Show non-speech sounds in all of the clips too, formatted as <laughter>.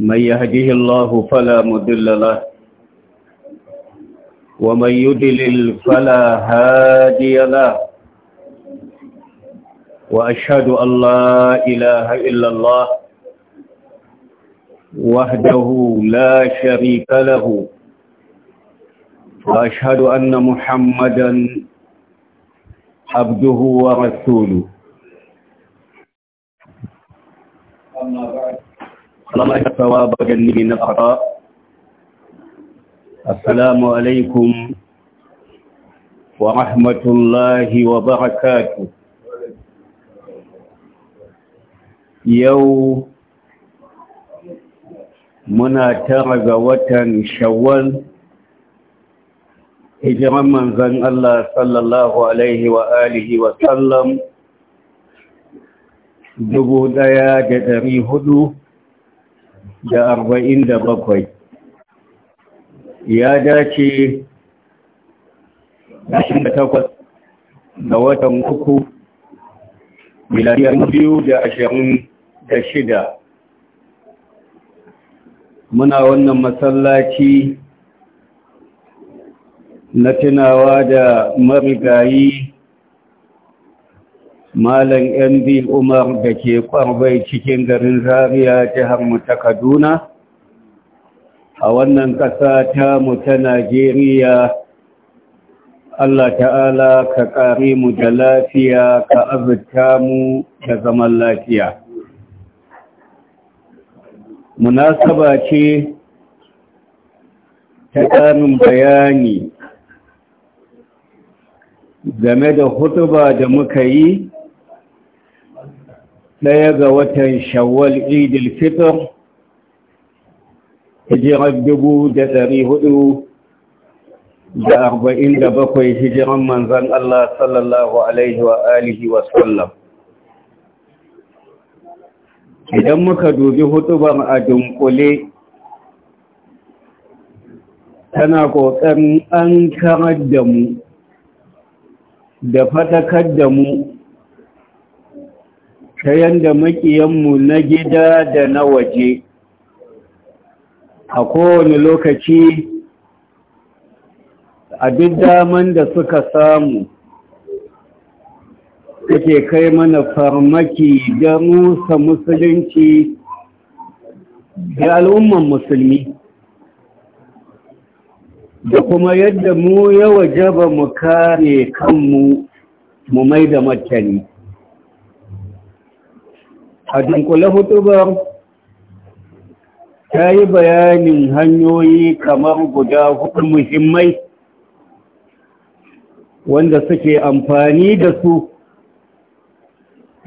من يهده الله فلا مضل له ومن يضلل فلا هادي له واشهد ان لا اله الا الله وحده لا شريك له واشهد ان محمدا عبده ورسوله أما بعد اللهم لك الثواب وجنبني السلام عليكم ورحمة الله وبركاته muna tara ga watan shawwal hijiran manzan Allah sallallahu alaihi wa alihi wa sallam dubu ɗaya da ɗari hudu da arba'in da bakwai ya dace da takwas da watan uku milariyar biyu da ashirin da shida muna wannan masallaci na tunawa da marigayi Malam MB Umar da ke kwarbai cikin garin zariya jihar mu ta Kaduna a wannan ƙasa ta mu ta Najeriya Allah ta'ala ka ƙari mu da lafiya ka azurta mu da zaman lafiya. Munasaba ce ta ƙarin bayani game da hutuba da muka yi ɗaya ga watan shawwal idil fitr hijirar dubu da ɗari hudu da arba'in da bakwai hijiran manzan Allah sallallahu Alaihi wa alihi wa sallam? Idan muka dubi hutubar a dunkule tana ƙoƙarin an karar da mu da fatakar da mu ta yanda makiyanmu na gida da na waje a kowane lokaci a duk daman da suka samu suke kai mana farmaki da musa musulunci da al'umman musulmi da kuma yadda mu ya jaba mu kare kanmu mu mai da martani a dunkule hutubar ta yi bayanin hanyoyi kamar guda hudu muhimmai wanda suke amfani da su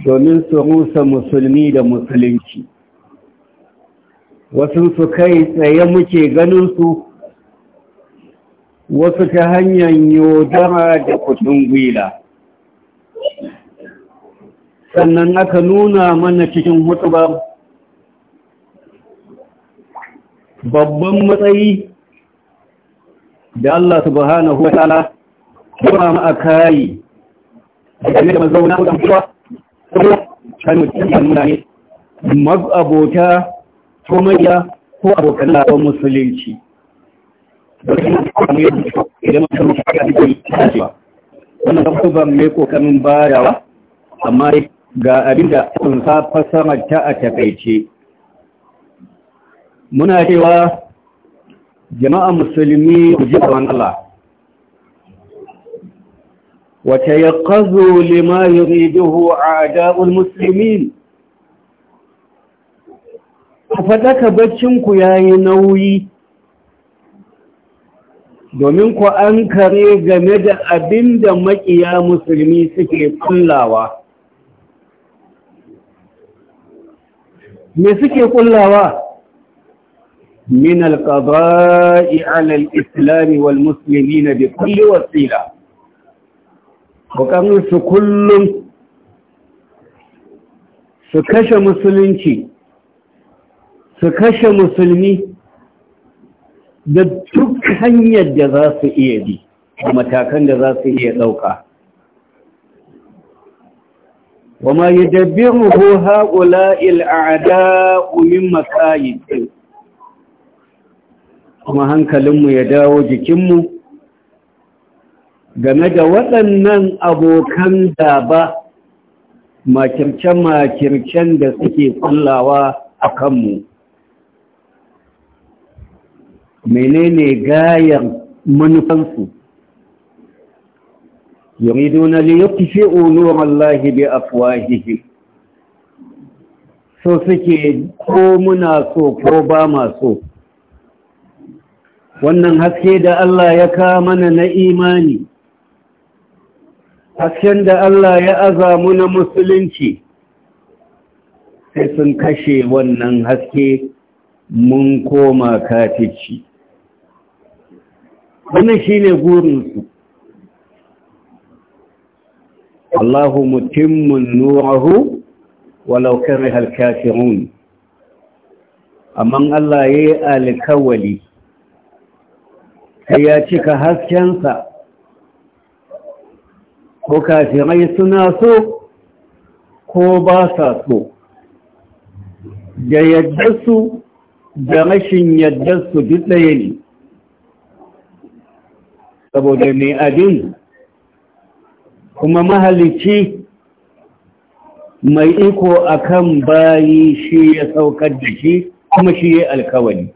domin su rusa musulmi da musulunci wasu su kai tsaye muke ganin su wasu ta hanyar yodara da kudin gwila sannan aka nuna mana cikin ba babban matsayi da Allah subhanahu wa ta'ala kuma ma akai game da mazauna kuma kan mutum da magabota ko ko abokan labar musulunci idan mutum ya fi wannan kuma mai kokarin bayawa amma ga abin da fafa fasarar ta a takaice muna cewa jama'a musulmi ku ji Allah da'ul Musulmi? يريده أعداء المسلمين baccinku ya yi nauyi domin ku an kare game da abinda maƙiya musulmi suke kullawa me suke kullawa min alqada'i 'ala al-islam wal muslimin bi kulli wasila bukamun su kullum su kashe musulunci su kashe musulmi da duk hanyar da za su iya bi da matakan da za su iya ɗauka وما يدبره هؤلاء الأعداء من مكاين kuma hankalinmu ya dawo jikinmu game da waɗannan abokan gaba makirce-makircen da suke kullawa a kanmu menene gayar manufansu يريدون ليطفئوا نور الله Allah bi afwahihim so suke ko muna so ko so wannan haske da Allah ya kawo mana na imani hasken da Allah ya azamu na musulunci sai sun kashe wannan haske mun koma katici wannan shine su Allahu mutimmun nurahu walau kariha al-kafirun amma Allah yayi alkawali sai ya cika haskensa ko kafirai suna so ko ba sa so da yadda da rashin yadda su duk ɗaya ne saboda mai abin kuma mahalici mai iko akan bayi shi ya saukar da shi kuma shi ya alkawari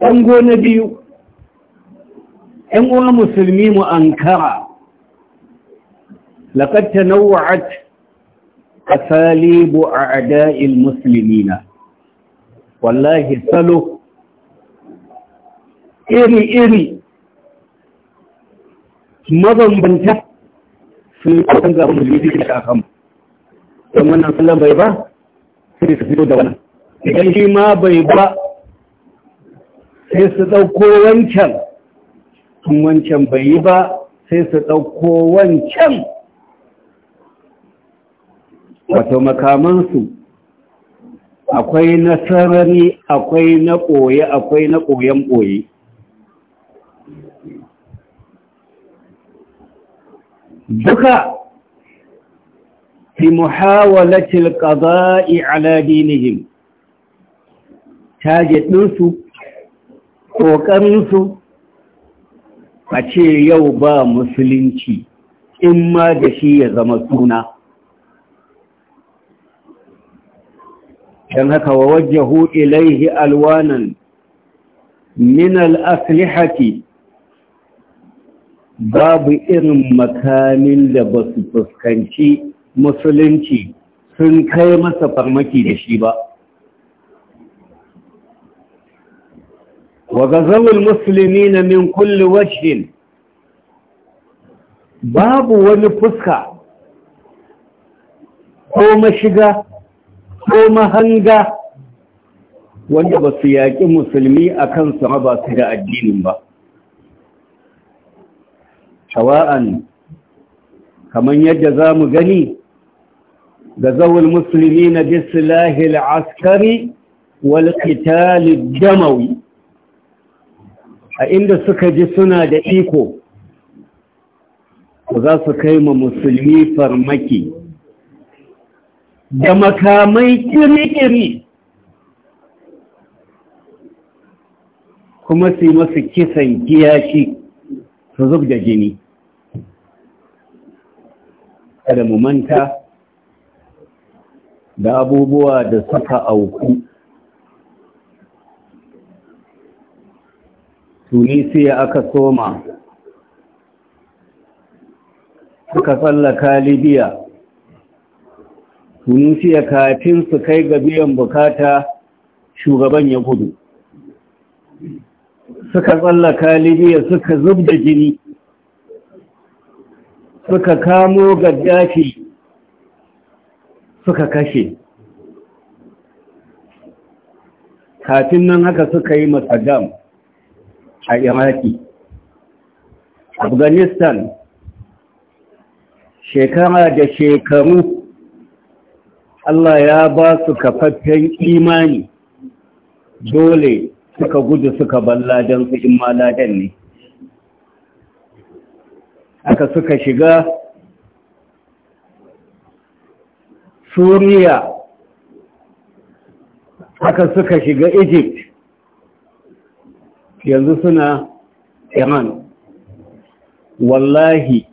ƙango na biyu ‘yan uwa musulmi mu ankara laƙar ta nau'a'at a salibu a ada'il musulmina wallahi salo iri-iri mabambanta sun kan zaɓen da yake da aka mu don wannan sallar bai ba sai su fito da wannan idan shi ma bai ba sai su ɗauko wancan sun wancan bai yi ba sai su ɗauko wancan wato makamansu akwai na sarari akwai na ɓoye akwai na ɓoyen ɓoye duka fi muhawalatil qada'i ala dinihim target ɗinsu ƙoƙarinsu a ce yau ba musulunci in ma da shi ya zama suna don haka wa wajjahu ilaihi alwanan min aslihati babu irin makamin da ba su fuskanci musulunci sun kai masa farmaki da shi ba wa gazawul musulmi na min kulli washin babu wani fuska ko mashiga ko mahanga wanda ba su yaƙi musulmi a kansu ba su da addinin ba hawa'an kaman yadda za mu gani ga zawul musulmi na bisilahil askari wal damawi a inda suka ji suna da iko za su kai ma musulmi farmaki da makamai kiri-kiri kuma su yi masu kisan kiyashi su zub da jini kada mu manta da abubuwa da suka auku tunisiya aka soma suka tsallaka libya tunisiya kafin su kai ga biyan bukata shugaban ya gudu suka tsallaka libya suka zub da jini suka kamo gaddafi suka kashe kafin nan haka suka yi masadam a iraki afghanistan shekara da shekaru Allah ya ba su kafaffen imani dole suka gudu suka balla ladansu su in ma ladan ne aka suka shiga suriya aka suka shiga egypt yanzu suna iran wallahi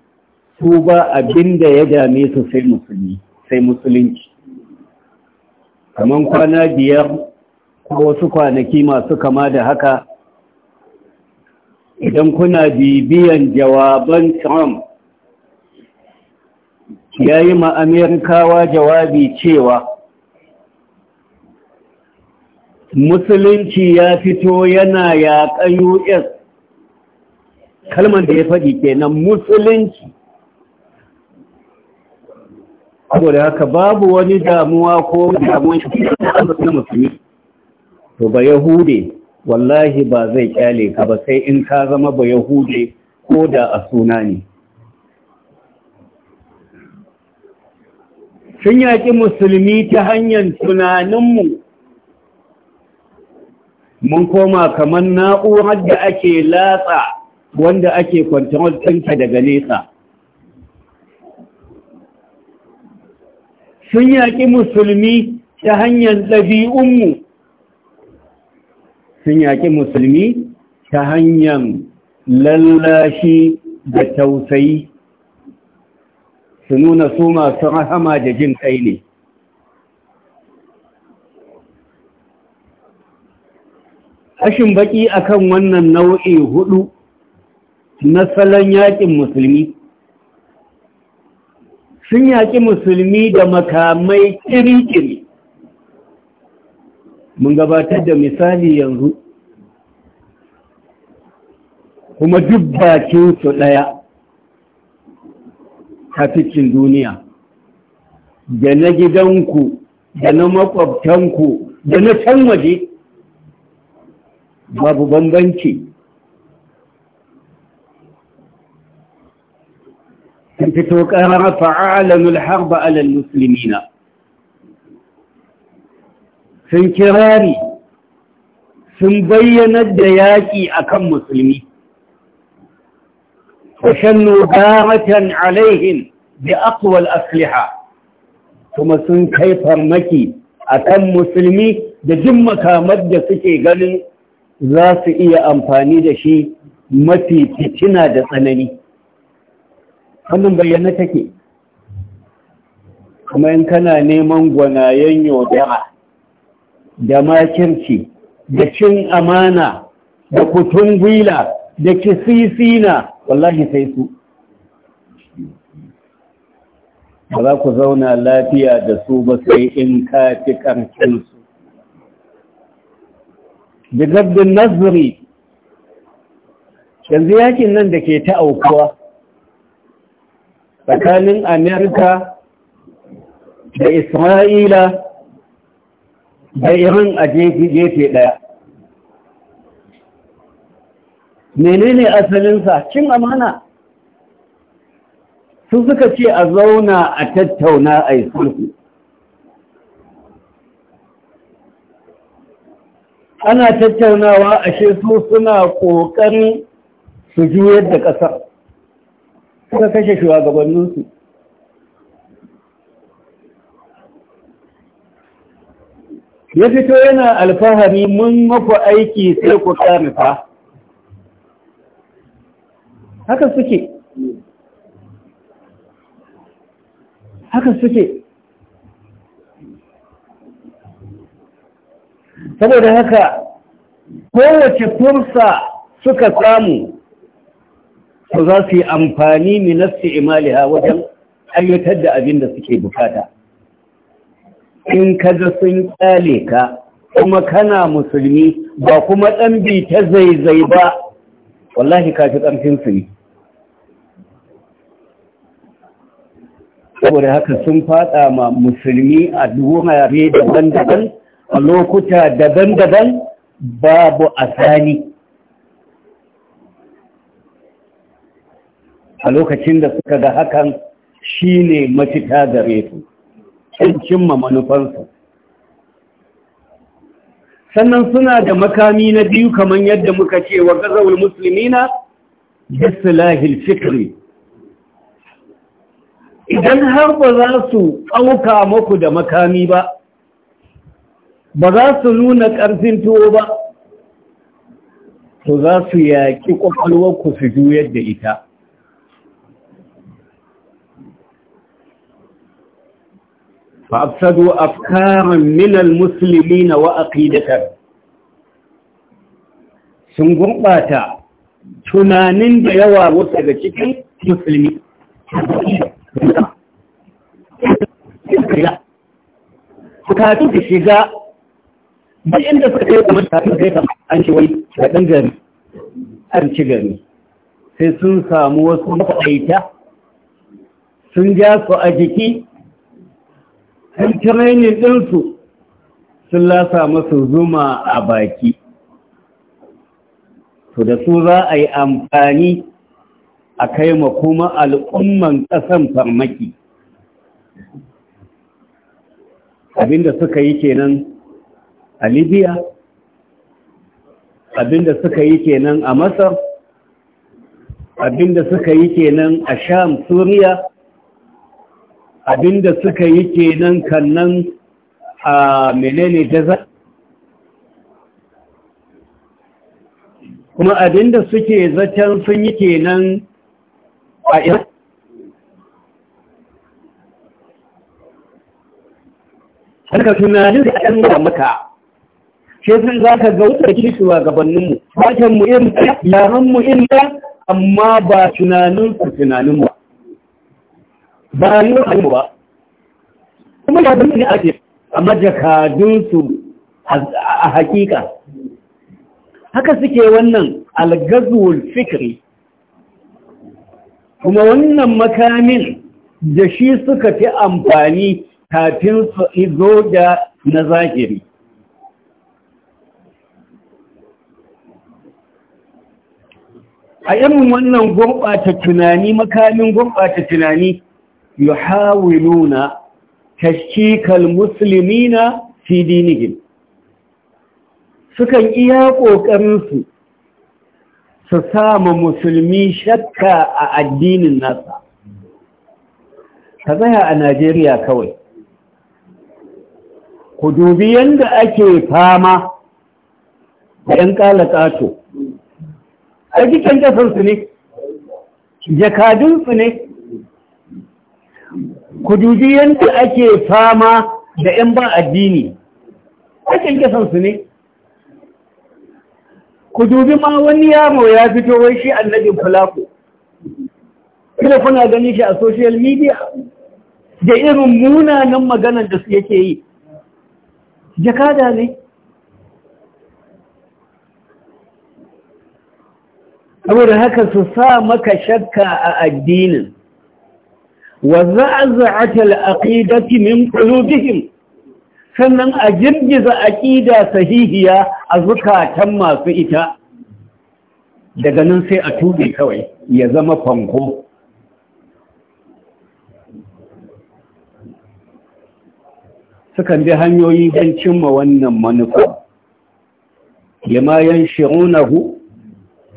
su ba abinda ya dame su sai musulmi sai musulunci kaman kwana biyar ko wasu kwanaki masu kama da haka idan kuna bibiyan jawaban Trump ya yi ma'amirkawa jawabi cewa musulunci ya fito yana yaƙan us kalmar da ya faɗi kenan musulunci da haka babu wani damuwa ko damuwan shi na musulmi to ba yahude wallahi ba zai kyale ka ba sai in ka zama ba yahude ko da a suna ne sun yaƙi musulmi ta hanyar tunaninmu mun koma kamar na'urar da ake latsa wanda ake kwantarar tunka daga nesa sun yaƙi musulmi ta hanyar ɗabi'unmu sun yaƙi musulmi ta hanyar lallashi da tausayi su nuna su masu rahama da jin kai ne ashin baki akan wannan nau'i hudu na salon yaƙin musulmi sun yaƙi musulmi da makamai ƙiriƙiri mun gabatar da misali yanzu kuma duk bakin su ɗaya tafikin duniya da na gidanku da na makwabtanku da na can waje babu bambanci sun fito ƙarar fa'alanul harba alal musulmina sun kirari sun bayyanar da yaƙi a kan musulmi fashannu nugaratan alaihin da akwal asliha kuma sun kai farmaki a kan musulmi da jin makamar da suke ganin za su iya amfani da shi mafi fitina da tsanani wannan bayyana take kuma in kana neman gwanayen yaudara da makirci da cin amana da kutun gwila da kisisina wallahi sai su ba za ku zauna lafiya da su ba sai in ka fi su. da nazari yanzu yakin nan da ke ta aukuwa tsakanin amerika da isra'ila da irin a gefe ɗaya menene asalinsa cin amana su suka ce a zauna a tattauna a yi sulhu ana tattaunawa ashe su suna ƙoƙarin su juyar da ƙasar suka kashe shugabanninsu ya fito yana alfahari mun maku aiki sai ku karfa haka suke haka suke saboda haka kowace fursa suka samu su za su yi amfani minasti imaliya wajen ayyutar da abin da suke bukata in ka sun kyale ka kuma kana musulmi ba kuma ɗan bi ta zaizai ba wallahi ka fi ƙarfin su ne saboda haka sun faɗa ma musulmi a wurare daban-daban a lokuta daban-daban babu a Sani. a lokacin da suka ga hakan shine mafita gare su kin cimma manufansu sannan suna da makami na biyu kamar yadda muka ce wa gazawul muslimina bisilahil fikri idan har ba za su auka muku da makami ba ba za su nuna ƙarfin tuwo ba to za su yaƙi ku su juyar da ita فأفسدوا أفكارا من المسلمين وأقيدة sun gurɓata tunanin da yawa wasu daga cikin musulmi kafin ka shiga ba inda suka kai kamar kafin kai kamar an ce wai kaɗan gari an ci gari sai sun samu wasu mafaita sun ja su a jiki ɗan ɗinsu sun lasa masu zuma a baki to da su za a yi amfani a kai ma kuma al'umman ƙasan farmaki abinda suka yi kenan a libya abinda suka yi kenan a masar abinda suka yi kenan a sham suriya abinda suka yi kenan kannan a menene jaza kuma abinda suke zaton sun yi kenan a iran harka tunanin da ɗan da maka shi sun za ka ga wuta kishiwa gabaninmu mu irin yaranmu ba, amma ba tunaninsu tunaninmu ba yi ba kuma ya zama ne amma jakadunsu a hakika haka suke wannan algazul fikri kuma wannan makamin da shi suka fi amfani kafin su izo da na zahiri a irin wannan gurɓata tunani makamin gurɓata tunani yuhawiluna tashkikal muslimina fi dinihim sukan iya ƙoƙarinsu su sama musulmi shakka a addinin nasa ka tsaya a najeriya kawai ku dubi yadda ake fama da 'yan ƙato. a jikin ƙasarsu ne jakadunsu ne ku dubi yadda ake fama da 'yan ba addini ake kasan su ne ku dubi ma wani yaro ya fito wai shi annabin Fulaku. kila kuna gani shi a social media da irin munanan maganar da su yake yi jakada ne da haka su sa maka shakka a addinin wa za'aza'ata al-aqidati sannan a girgiza aƙida sahihiya a zukatan masu ita daga nan sai a tube kawai ya zama fanko sukan bi hanyoyi don cimma wannan manufa lima yanshigunahu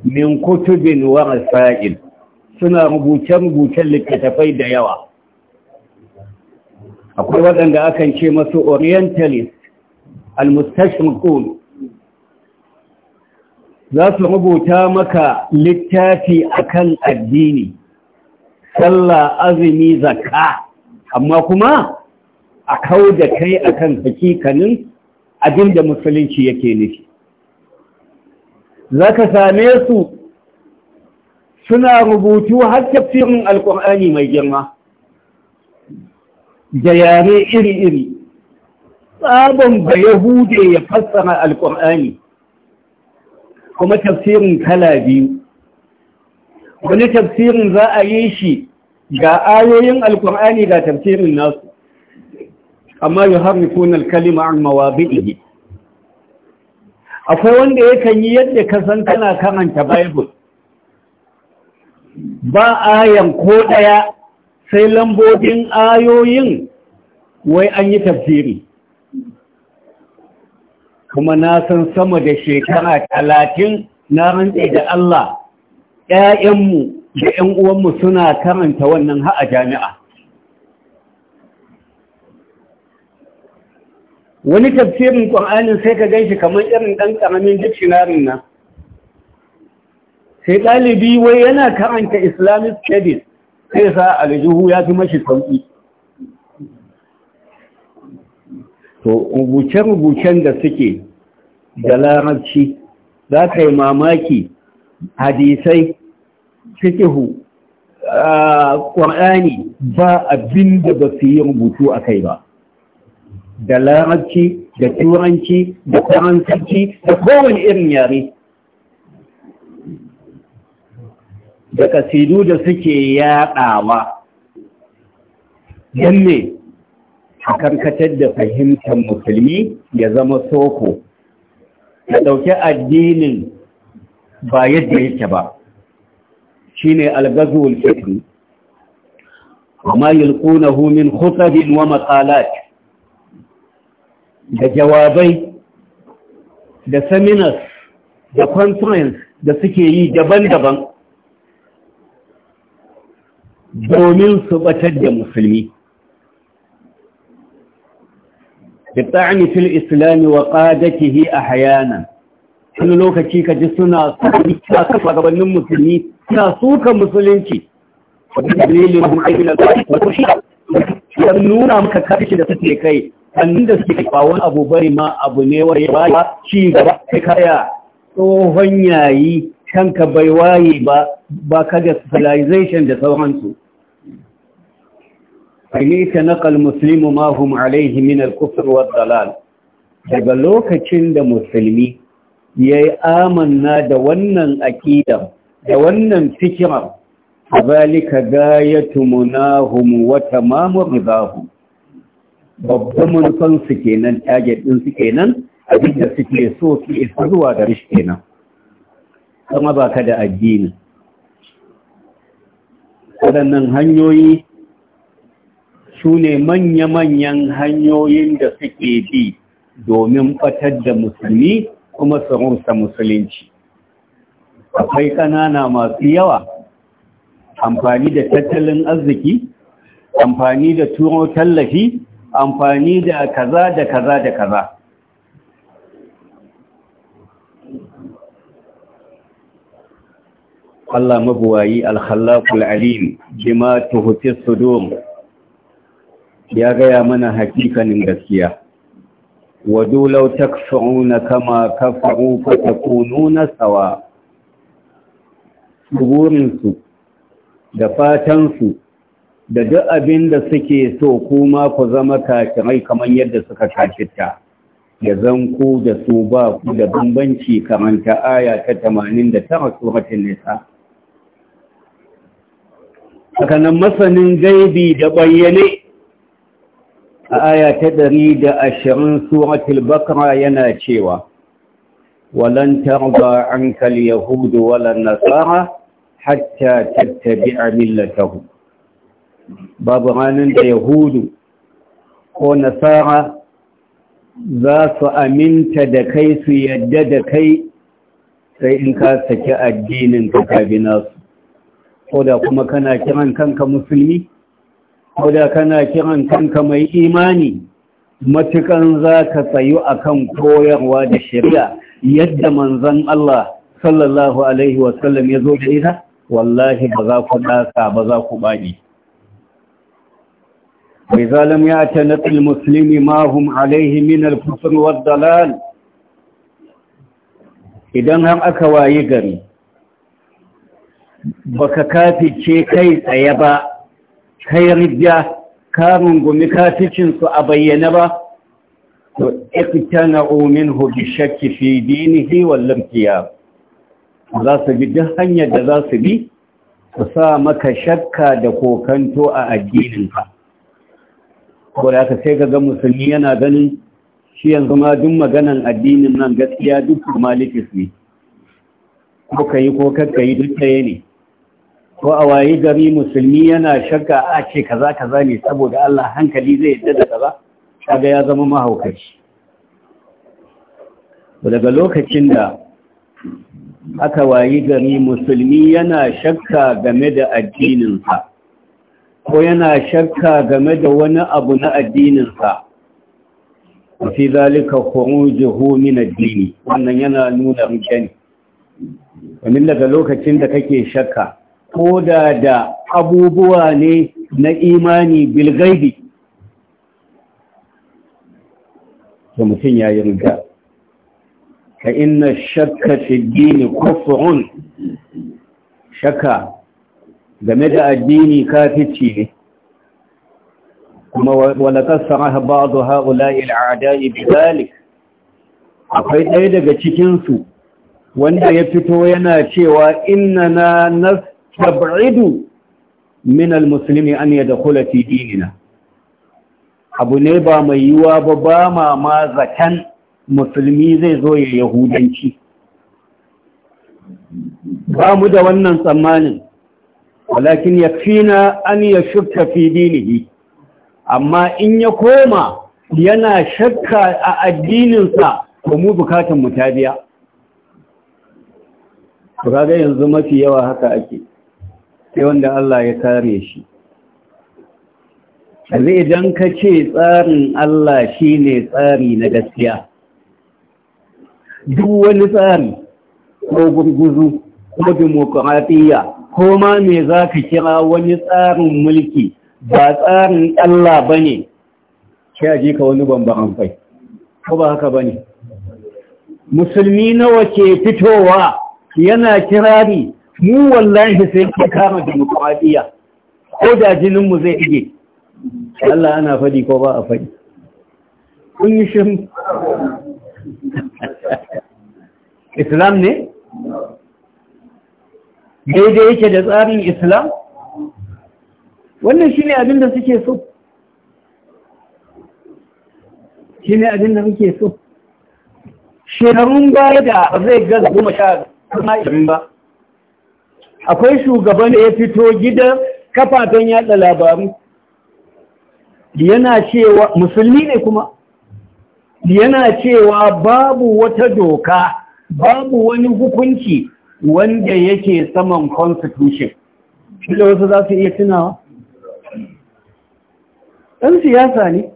min kutubin wa rasail suna rubuce-rubucen littattafai da yawa akwai waɗanda akan ce masu orientalist al-mustashriqun za su rubuta maka littafi akan addini sallah azumi zakka amma kuma a kau da kai akan hakikanin abinda musulunci yake nufi za ka same su suna rubutu har tafsirin alkur'ani mai girma da yare iri-iri tsabon ba yahude ya fassara alkur'ani kuma tafsirin kala biyu wani tafsirin za a yi shi ga ayoyin alkur'ani ga tafsirin nasu amma yi harrifun alkalima an akwai wanda yakan yi yadda ka san kana karanta bible ba ayan ko ɗaya sai lambobin ayoyin wai an yi tafsiri kuma na san sama da shekara talatin na rantse da Allah ‘ya'yanmu da ‘yan uwanmu suna karanta wannan ha'a jami'a wani tafsirin ƙur'ani sai ka gan shi kamar irin ɗan ƙaramin dictionarin nan sai ɗalibi wai yana karanta islamic studies sai sa aljihu ya fi mashi sauƙi to rubuce-rubucen da suke da larabci za ka yi mamaki hadisai fikihu ƙwar'ani ba abin da ba su yi rubutu a kai ba da larabci da turanci da faransanci da kowane irin yare da kasidu da suke yaɗawa don ne a karkatar da fahimtar musulmi ya zama soko ya ɗauki addinin ba yadda yake ba Shi ne algazul fitri وما يلقونه من wa matsalat da jawabai da seminars da conference da suke yi daban-daban domin su batar da musulmi da ta'ani fil islami wa qadatihi ahyana wani lokaci ka ji suna suka kafa gabanin musulmi suna suka musulunci wani dalilin mun aiki na zai wato ya nuna maka kashi da suke kai sannan da suke ba wani abu bari ma abu ne wa ya ba ci gaba kai kaya tsohon yayi kanka bai waye ba ba ka da civilization da sauransu ta naqal muslimu ma hum alayhi min al-kufr wa dalal daga lokacin da musulmi yayi amanna da wannan aqida da wannan fikira zalika gayatu munahum wa tamamu ridahum babban manufan su kenan target din su kenan abin da suke so su isa zuwa da rishi kenan kama ba ka da addini waɗannan hanyoyi su ne manya-manyan hanyoyin da suke bi domin ɓatar da musulmi kuma su musulunci akwai ƙanana masu yawa amfani da tattalin arziki amfani da turo tallafi amfani da kaza da kaza da kaza Allah mabuwayi alkhallaqul alim bima tuhti sudum ya gaya mana hakikanin gaskiya wadu law kama kafaru fatakununa sawa burin da fatan su da duk abin da suke so kuma ku zama kafirai kamar yadda suka kafirta ya zanku da su ba ku da bambanci karanta aya ta 89 suratul nisa hakanan masanin gaibi da bayyane a aya ta ɗari da ashirin suratul bakra yana cewa walan tarba kal yahudu walan nasara hatta tattabi'a millatahum babu ranar da yahudu ko nasara za su aminta da kai su yadda da kai sai in ka saki addinin ka nasu Koda da kuma kana kiran kanka musulmi Koda kana kiran kanka mai imani matukan za ka tsayu akan koyarwa da shari'a yadda manzon Allah sallallahu alaihi wasallam ya zo da ita wallahi ba za ku ɗaka ba za ku baɗi Mai zalim ya ta naɗin musulmi mahum alaihi min alfusur wadda idan har aka wayi gari baka kafice kai tsaye ba kai rigya kamun gumi kaficinsu a bayyana ba to na minhu bi shakki fi dinihi wal lamtiya za su bi duk hanyar da za su bi su sa maka shakka da kokanto a addininka ko da ka sai ga musulmi yana ganin shi yanzu ma duk maganan addinin nan gaskiya duk formalities ne ko kai ko yi duk ɗaya ne ko a wayi gari musulmi yana shakka a ce kaza kaza ne saboda Allah hankali zai yadda da kaza kaga ya zama mahaukaci daga lokacin da aka wayi gari musulmi yana shakka game da addininsa ko yana shakka game da wani abu na addininsa fi zalika khurujuhu min ad-din wannan yana nuna mutane wannan daga lokacin da kake shakka ko da da abubuwa ne na imani bilgaibi to mutum ya yi riga. ka inna shakka fiddini kufrun shakka game da addini kafici ne kuma walakar la'il ba'adu ha'ula'i al'ada'i bizalik akwai ɗaya daga cikinsu wanda ya fito yana cewa inna na tab'idu min almuslimi an yadkhula fi dinina abu ne ba mai yiwa ba ba ma ma zakan musulmi zai zo ya yahudanci ba mu da wannan tsammanin walakin yakfina an yashukka fi dinihi amma in ya koma yana shakka a addininsa ko mu bukatan mu ta biya. yanzu mafi yawa haka ake. sai wanda Allah ya kare shi yanzu idan ka ce tsarin Allah shi ne tsari na gaskiya duk wani tsari ko gurguzu ko demokuratiyya ko ma me za ka kira wani tsarin mulki ba tsarin Allah ba ne shi a ka wani bambaran fai ko ba haka ba ne musulmi nawa ke fitowa yana kirari mu wallahi sai ka kama demokradiyya ko da jininmu zai ige Allah ana faɗi ko ba a faɗi kun yi shi <laughs> islam ne daidai yake da tsarin islam wannan shi ne abinda suke so shi ne abinda muke so shekarun baya da zai gaza goma sha kuma ba akwai shugaban da ya fito gidan kafafen yada labaru yana cewa musulmi ne kuma yana cewa babu wata doka babu wani hukunci wanda yake saman constitution shi wasu za su iya tunawa ɗan siyasa ne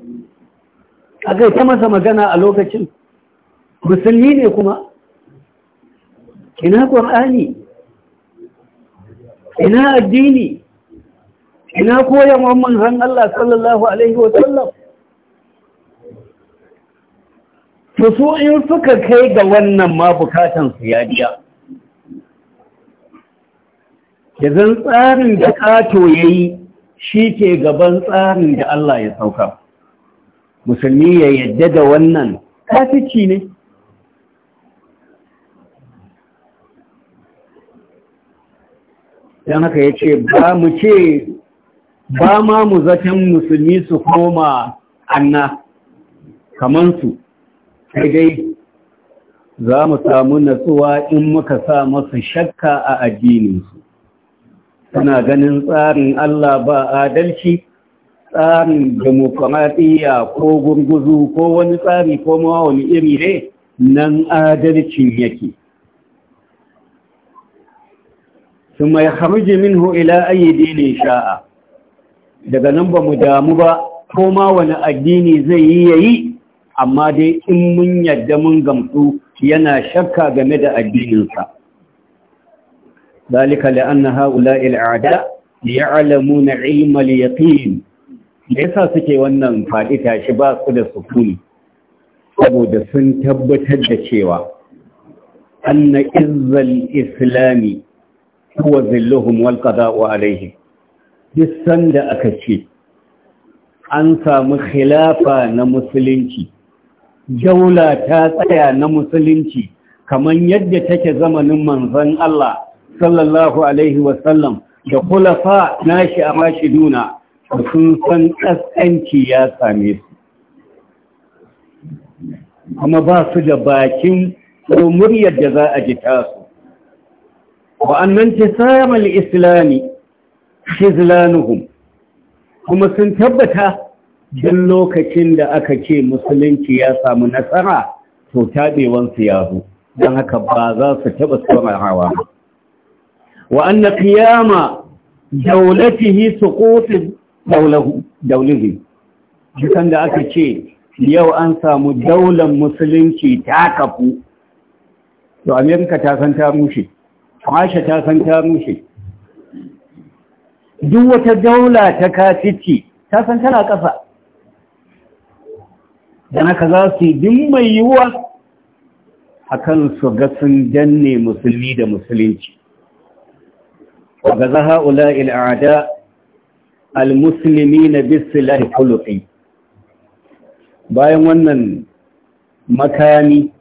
a kai ta masa magana a lokacin musulmi ne kuma ina ƙwar'ani ina addini ina koyan manzon Allah sallallahu alaihi sallam to su in suka kai ga wannan ma bukatan su ya biya yanzu tsarin da kato yayi shi ke gaban tsarin da Allah ya sauka musulmi ya yadda da wannan kafici ne don haka ya ce ba mu ce ba ma mu zaton musulmi su koma anna kamansu sai dai za mu samu natsuwa in muka sa masu shakka a addinin su. suna ganin tsarin Allah ba adalci tsarin demokuraɗiyya ko gurguzu ko wani tsari ko mawa wani iri ne nan adalci yake ثم يخرج منه إلى أي دين شاء daga nan ba mu damu ba ko ma wani addini zai yi yayi amma dai in mun yadda mun gamsu yana shakka game da addininsa ذلك لأن هؤلاء الأعداء يعلمون علم Me yasa suke wannan faɗi tashi ba su da sukuni saboda sun tabbatar da cewa anna izzal islami huwa zilluhum wal qada'u alaihim duk sanda aka ce an samu khilafa na musulunci jaula ta tsaya na musulunci kamar yadda take zamanin manzon Allah sallallahu alaihi wasallam da kulafa nashi a mashiduna sun san ƙasƙanci ya same su kuma ba su da bakin muryar da za a ji tasu Wa'annan annan tisamal islami khizlanuhum kuma sun tabbata duk lokacin da aka ce musulunci ya samu nasara to taɓewansu ya zo don haka ba za su taɓa tsorawa Wa'annan anna daulati daulatihi suqut daulahu daulihi da aka ce yau an samu daular musulunci ta kafu to amerika ta san ta rushe aisha ta san ta rushe. Duk wata daula ta kafici ta san tana ƙasa. Dana haka za su yi mai yiwuwa a su ga sun danne musulmi da musulunci. Gaza ha'ula il'ada al-musulmi na bisilari kulufi. Bayan wannan makami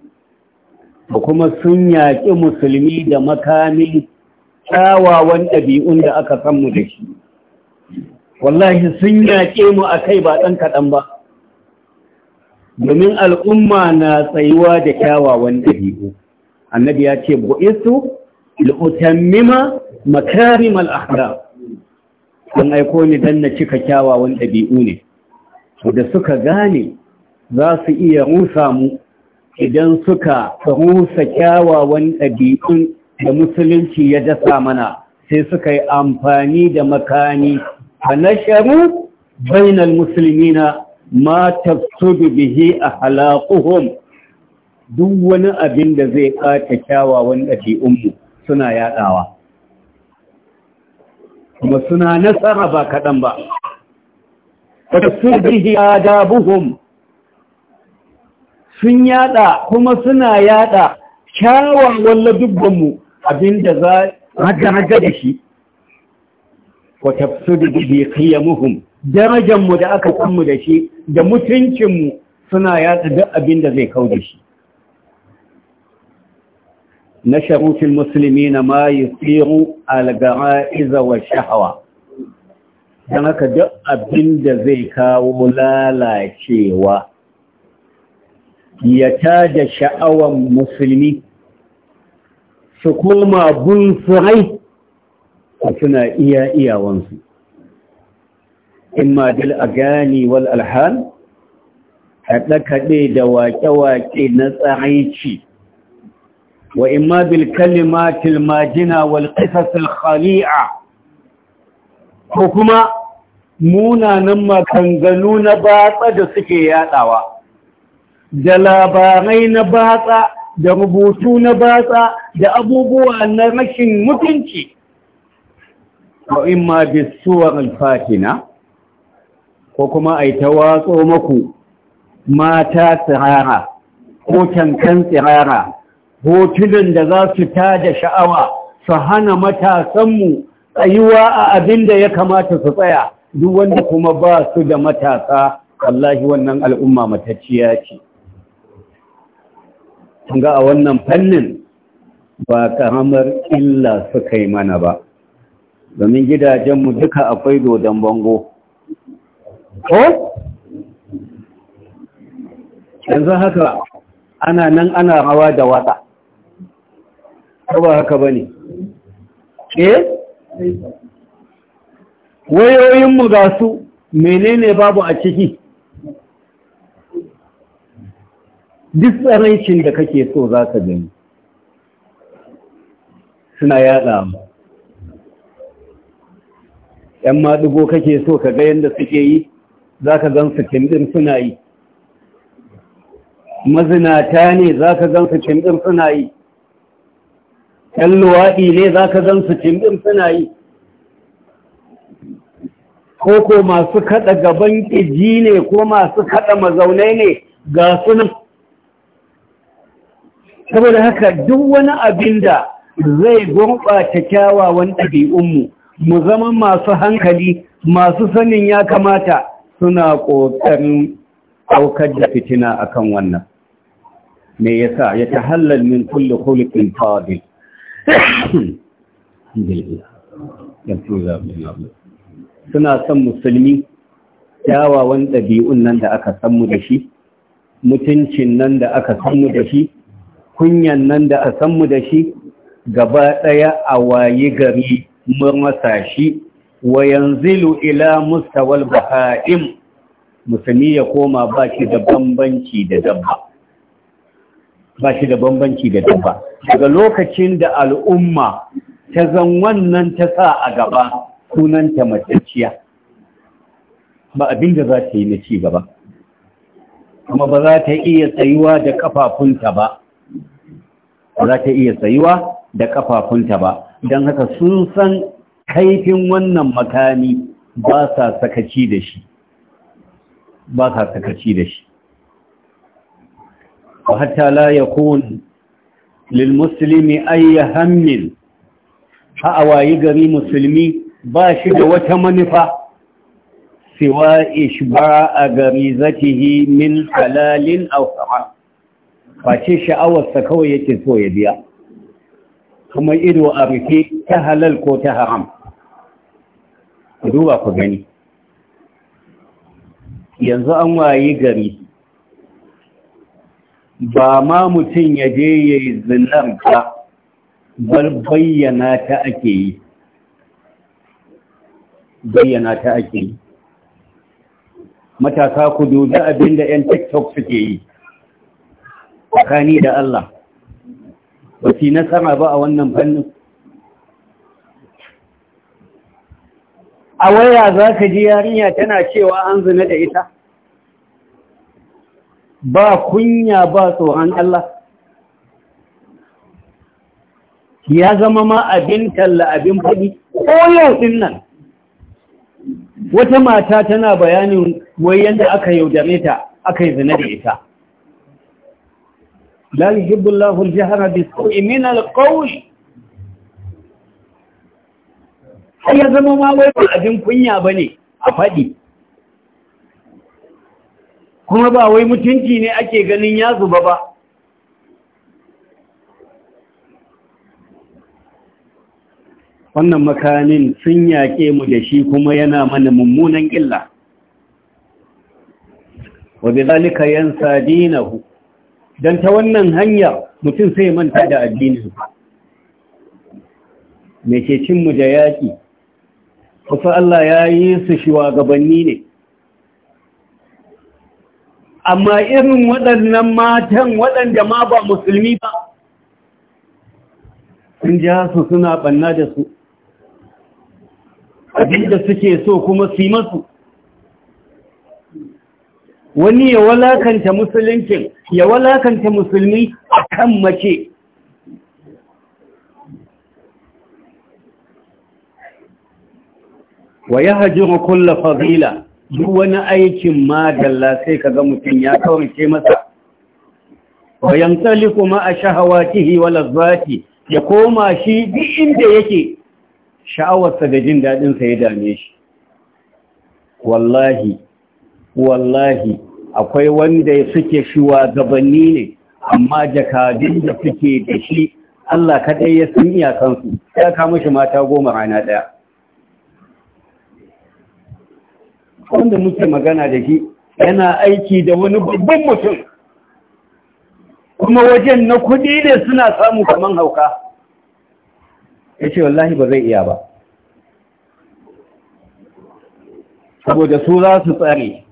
da kuma sun yaƙi musulmi da makamin kyawawan ɗabi'un da aka san da shi wallahi sun yaƙe mu a kai ba ɗan kaɗan ba domin al'umma na tsayuwa da kyawawan ɗabi'u annabi ya ce bu'istu mima makarim al'ahra an aiko ni dan na cika kyawawan ɗabi'u ne da suka gane za su iya rusa mu idan suka rusa kyawawan ɗabi'un da musulunci ya dasa mana sai suka yi amfani da makani a nasharu bainal musulmina ma tafsudu bihi a halakuhun duk wani abin da zai ƙata kyawawan ɗabi'unmu suna yaɗawa kuma suna nasara ba kaɗan ba tafsudu bihi adabuhum sun yada kuma suna yada walla ladubbanmu abinda za raga-raga da shi wa tafsidu bi qiyamuhum darajanmu da aka kanmu da shi da mutuncinmu suna yada duk abinda zai kau da shi na sharufin musulmi na ma yi tsiru algara'iza wa shahawa don haka duk abinda zai kawo lalacewa ya tada sha'awan musulmi su koma gun surai suna iya iyawansu dal a agani wal alhan kaɗe-kaɗe da waƙe-waƙe na tsaraici wa imma bil kalimatil majina wal qisasil khali'a ko kuma munanan maganganu na batsa da suke yaɗawa? da labarai na batsa da rubutu na batsa da abubuwa na rashin mutunci Ko in ma bisuwar alfatina ko kuma a yi ta watso maku mata tsirara ko cankan tsirara hotunan da za su ta da sha'awa su hana matasanmu tsayuwa a abin da ya kamata su tsaya duk wanda kuma ba su da matasa wallahi wannan al'umma matacciya ce ga a wannan fannin ba kamar illa suka yi mana ba domin gidajenmu duka akwai dodon bango ko? yanzu haka ana nan ana rawa da wata ko ba haka ba ne ke? Eh? wayoyinmu ga su menene babu a ciki duk tsaraicin da kake so za ka gani suna yada mu ‘yan maɗigo kake so ka ga yadda suke yi za ka gan su kimɗin suna yi mazinata ne za ka gan su kimɗin suna yi ‘yan luwaɗi ne za ka gan su kimɗin suna yi koko masu kaɗa gaban ƙiji ne ko masu kaɗa mazaunai ne ga sunan saboda haka duk wani abin da zai gurɓata kyawawan ɗabi'unmu mu zama masu hankali masu sanin ya kamata suna ƙoƙarin ɗaukar da fitina a kan wannan me sa ya hallar min kulle fadil suna son musulmi kyawawan ɗabi'un nan da aka san da shi mutuncin nan da aka san da shi kunyan nan da a san mu da shi gaba ɗaya a wayi gari mun shi wa yanzilu ila mustawal baha'im musulmi ya koma ba shi da bambanci da dabba ba da bambanci da dabba daga lokacin da al'umma ta zan wannan ta sa a gaba sunanta matacciya ba abin da za ta yi na ci gaba kuma ba za ta iya tsayuwa da kafafunta ba za ta iya tsayuwa da ƙafafunta ba don haka sun san kaifin wannan makami ba sa sakaci da shi ba sa sakaci da shi wa hatta la yakun lil muslimi hammin ha awayi gari musulmi ba shi da wata manufa siwa ba a gari zatihi min halalin aw face sha'awarsa kawai yake so ya biya kuma ido a rufe ta halal ko ta haram ku duba ku gani yanzu an wayi gari ba ma mutum ya je ya yi zinar ba bar bayyana ta ake yi bayyana ta ake yi matasa ku dubi abinda 'yan tiktok suke yi tsakani da Allah ba su nasara ba a wannan fannin a waya za ka ji yarinya tana cewa an zina da ita ba kunya ba tsoron Allah ya zama ma abin talla abin faɗi ko yau ɗin nan wata mata tana bayanin wai yadda aka yaudare ta aka yi zina da ita la yuhibbu Allahu al-jahra bis-su'i min al ya zama ma wai ba abin kunya bane a faɗi kuma ba wai mutunci ne ake ganin ya zuba ba wannan makanin sun yaƙe mu da shi kuma yana mana mummunan illa wa bi zalika yansa dinahu don ta wannan hanya mutum sai manta da ke mai mu da yaƙi wasu Allah ya yi su shugabanni ne amma irin waɗannan matan waɗanda ma ba musulmi ba sun ja su suna ɓanna da su abinda suke so kuma su yi masu wani ya walakanta musulunci ya walakanta musulmi a kan mace wa ya haji kulla fabila? duk wani aikin magalla sai kaga mutum ya kawarce masa wa tsali kuma a shahawatihi wa lazzati ya koma shi duk inda yake sha'awarsa da jin daɗinsa ya dame shi wallahi wallahi akwai wanda suke gabanni ne amma jakadun da suke da shi Allah kaɗai ya san iyakansu ya kama shi mata goma rana ɗaya wanda muke magana da shi yana aiki da wani babban mutum kuma wajen na kudi ne suna samu kaman hauka ya ce wallahi ba zai iya ba saboda su za su tsare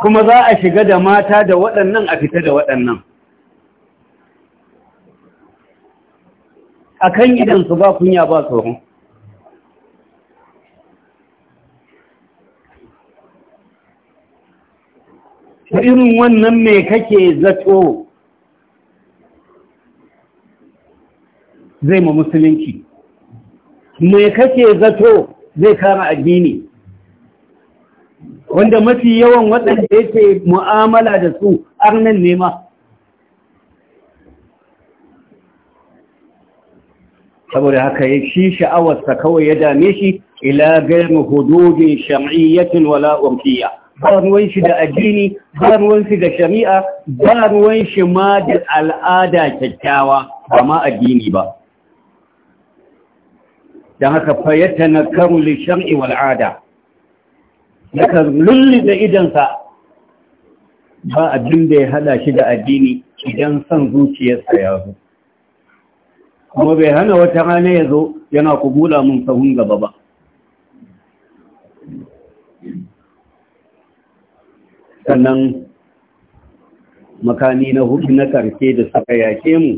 kuma za a shiga da mata da waɗannan a fita da waɗannan a kan idansu ba kunya ba tsoron irin wannan mai kake zato zai ma musulunci mai kake zato zai kama addini wanda mafi yawan waɗanda yake mu'amala da su arnan nema saboda haka ya shi sha'awarsa kawai ya dame shi ila gairin hududin sham'iyyatin wala wamfiya ba ruwan shi da addini ba ruwan shi da shari'a ba ruwan shi ma da al'ada kyakkyawa ba ma addini ba don haka fayyata na karu lishan'i wal'ada yakan lullube idansa ba abin da ya hada shi da addini idan son zuciyarsa ya zo kuma bai hana wata rana ya zo yana kubula mun sahun gaba ba sannan makami na hudu na karfe da suka yake mu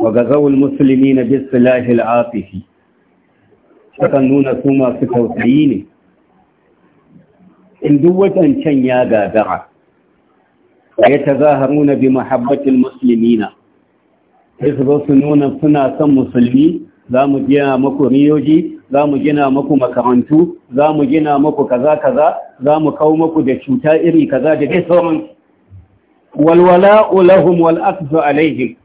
wa gazawul musulmi na lahil afifi sukan nuna su masu tausayi ne in duk can ya gagara ya ta na bi mahabbatin musulmina sai su zo su nuna suna son musulmi za mu gina maku riyoji za mu gina maku makarantu za mu gina maku kaza kaza za mu kawo maku da cuta iri kaza da dai sauran walwala lahum wal aqdu alaihim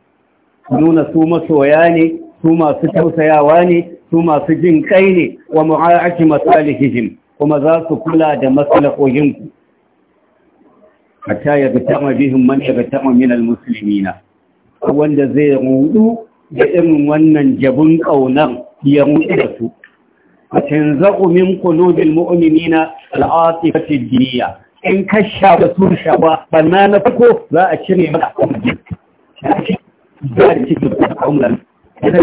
nuna su masoya ne su masu tausayawa ne su masu jin kai ne wa mu'a'ati masalihihim kuma za su kula da maslahohinku hatta ya ga tama bihin man ya tama minal musulmina wanda zai rudu da irin wannan jabun ƙaunar ya rudu da su a tanzaku min qulubil mu'minina al'atifati diniya in ka shaba su shaba banna na farko za a cire maka a da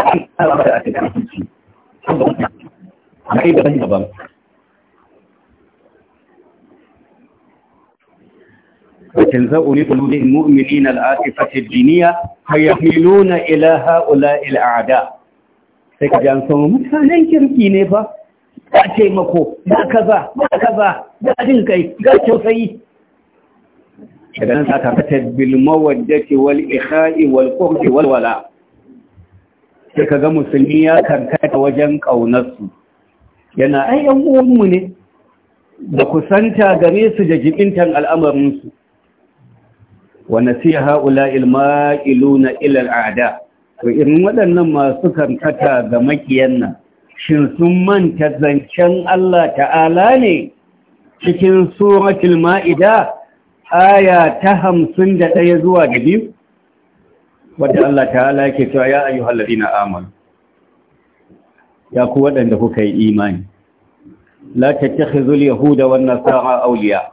da da da انا ايه بقى المؤمنين الآتفة الدينية فيميلون إلى هؤلاء الأعداء سيكون جان سوما متى ننكر كيني مكو ما كذا ما كذا ما دلكي قال شو إذا أنت أتفت بالمودة والإخاء والقرب والولاء sai ka ga musulmi ya karkata wajen ƙaunarsu yana ayyan uwanmu ne da kusanta gare su da jibintan al'amarinsu wa nasiha haula ilma'iluna ilal a'da to irin waɗannan masu karkata ga makiyan nan shin sun manta zancen Allah ta'ala ne cikin suratul ma'ida aya ta hamsin da ɗaya zuwa da biyu wadda Allah ta'ala yake cewa ya ayyuhal ladina amanu ya ku waɗanda kuka yi imani la tattakhizul yahuda wan nasara Auliya.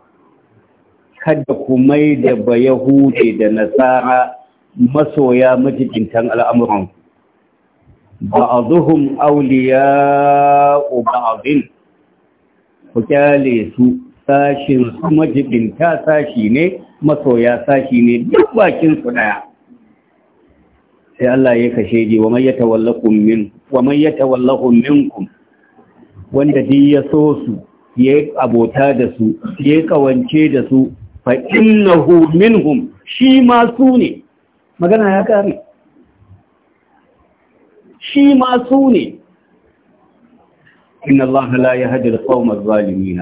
kada ku mai da ba yahude da nasara masoya mijintan al'amuran ba'dhum awliya ba'dhin ku kyale su sashin su majibinta sashi ne masoya sashi ne duk bakin su daya sai Allah ya kashe ji wa man yatawallakum min wa man yatawallahum minkum wanda duk ya so su yayi abota da su ya kawance da su fa innahu minhum shi ma su ne magana ya kare shi ma su ne inna Allah la yahdi al-qawma adh-dhalimin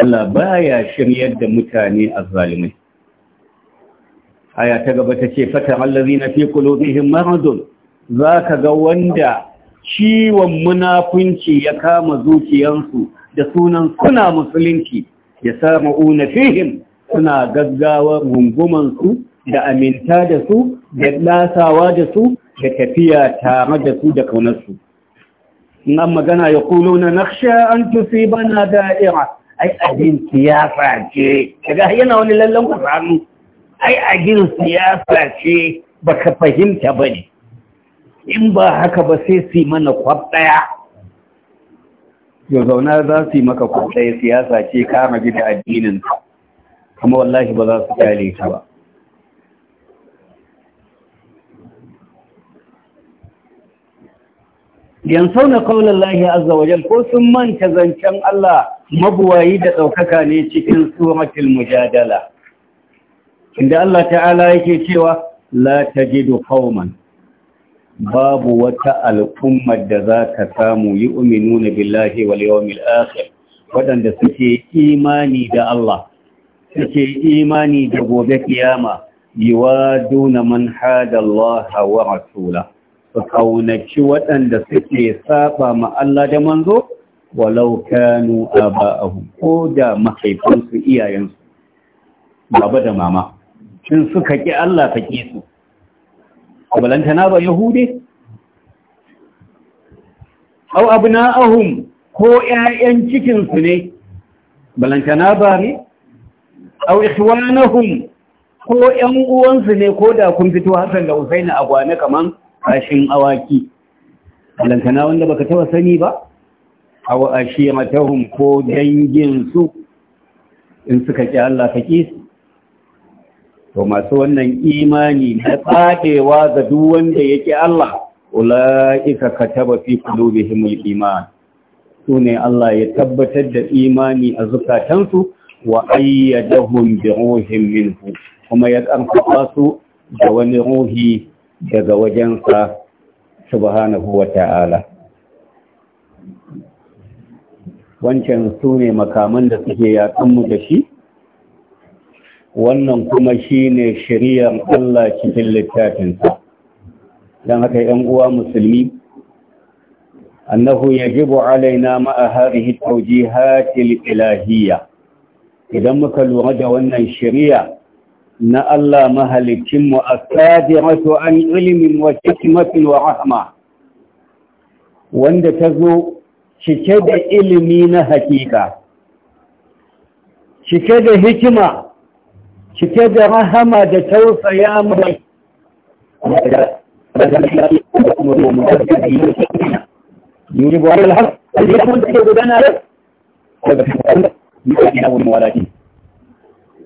Allah baya shiryar da mutane zalimai. aya ta gaba ta ce fatan allazi na fi qulubihim maradun ka ga wanda ciwon munafunci ya kama zuciyansu da sunan suna musulunci ya una fihim suna gaggawar hungumansu da aminta da su da lasawa da su da tafiya tare da su da kaunarsu nan magana ya kulo na naksha an tusi bana da'ira ai abin siyasa ce kaga yana wani lallon kwasanu ai a gin siyasa ce baka fahimta ba ne in ba haka ba sai su mana kwab ɗaya yau zauna za su yi maka kwab ɗaya siyasa ce kama gida addinin kuma wallahi ba za su kyale ta ba yan na kaunar lahi azawajen ko sun manta zancen Allah mabuwayi da ɗaukaka ne cikin suratul mujadala inda Allah ta'ala yake cewa la tajidu qauman babu wata al'ummar da za ka samu yi uminuna billahi wal yawmil akhir waɗanda suke imani da Allah suke imani da gobe kiyama yiwaduna man hada Allah wa rasula su kaunaci waɗanda suke saba ma Allah da manzo walau kanu aba'ahum ko da mahaifansu iyayensu baba da mama in suka ƙi Allah ka ƙi su abalantana ba yahude au ahun ko 'ya'yan cikinsu ne balantana ba ne au ikhwanahum ko 'yan uwansu ne ko da kun fito Hassan da Usaini a gwane kaman kashin awaki balantana wanda baka taba sani ba mata ashimatahum ko dangin su in suka ƙi Allah ka ƙi su to masu wannan imani na tsadewa ga duk wanda yake Allah ula'ika kataba fi qulubihim al-iman sune Allah ya tabbatar da imani a zukatansu wa ayyadahum bi ruhin minhu kuma ya karfafa su da wani ruhi daga wajensa subhanahu wa ta'ala wancan sune makaman da suke yakan mu da shi wannan kuma shine shari'ar Allah cikin littafinsa dan haka 'yan uwa musulmi annahu yajibu alaina ma'a hadhihi tawjihat al-ilahiyya idan muka lura da wannan shari'a na Allah mahalicin mu asadiratu an ilmin wa hikmatin wa rahma wanda tazo cike da ilimi na hakika cike da hikima cike da rahama da tausaya mai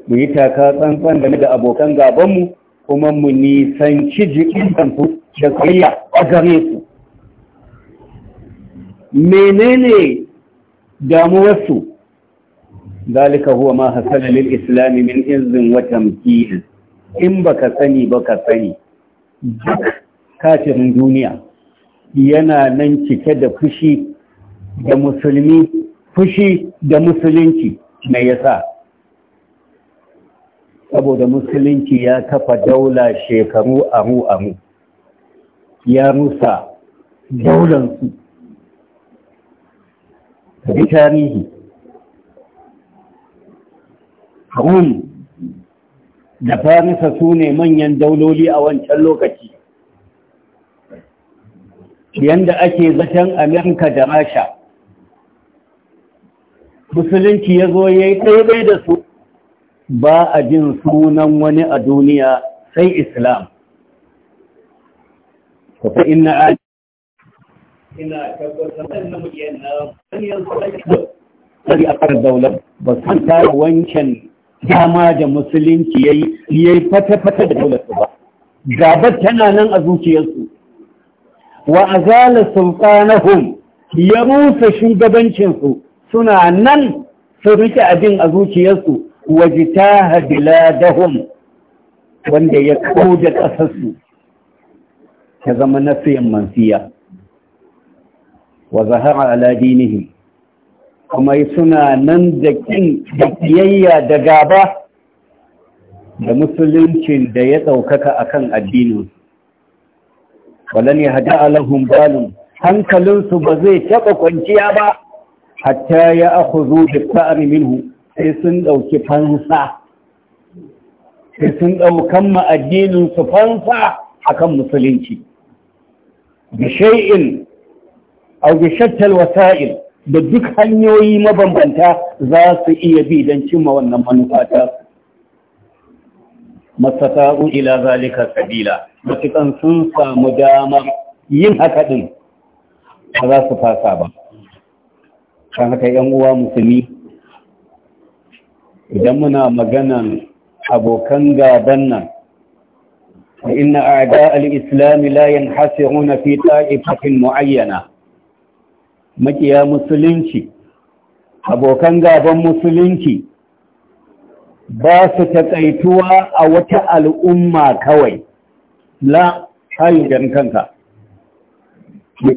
mu yi taka tsantsan game da abokan gabanmu kuma mu nisanci jikinsu da kariya a gare su menene damuwarsu ذلك هو ما حصل للإسلام من watan وتمكين in baka sani baka sani duk kafirin duniya yana nan cike da fushi da musulmi fushi da musulunci mai yasa saboda musulunci ya kafa daula shekaru amu amu ya rusa daulansu ta bi tarihi rum da farisa su ne manyan dauloli a wancan lokaci yanda ake zaton amerika da rasha musulunci ya zo ya yi ɗaiɗai da su ba a jin sunan wani a duniya sai islam Kufa ina a ina tabbatar da muke na wani yanzu a kan daular ba san tara wancan dama da musulunci ya yi fata-fata da daular ba gabar tana nan a zuciyarsu wa azala sultanahum ya rusa shugabancinsu suna nan sun rike abin a zuciyarsu da biladahum wanda ya kawo da ƙasarsu ta zama na siyan mansiya wa zahara ala dinihim kuma suna nan da kin da kiyayya da gaba da musuluncin da ya ɗaukaka akan addinin walani hada alahum hankalinsu ba zai taɓa kwanciya ba hatta ya akhuzu bi sa'ar minhu sai sun ɗauki fansa sai sun ɗaukan ma'addinin su fansa akan musulunci bi shay'in aw bi shattal wasa'il da duk hanyoyi mabambanta za su iya bi don cimma wannan manufa ta masata'u ila zalika sabila matukan sun samu dama yin haka din ba za su fasa ba kan haka yan uwa musulmi idan muna maganan abokan gaban nan inna a'da al-islam la yanhasiruna fi ta'ifatin mu'ayyana makiya musulunci abokan gaban musulunci ba su taƙaituwa a wata al'umma kawai la kayu kanka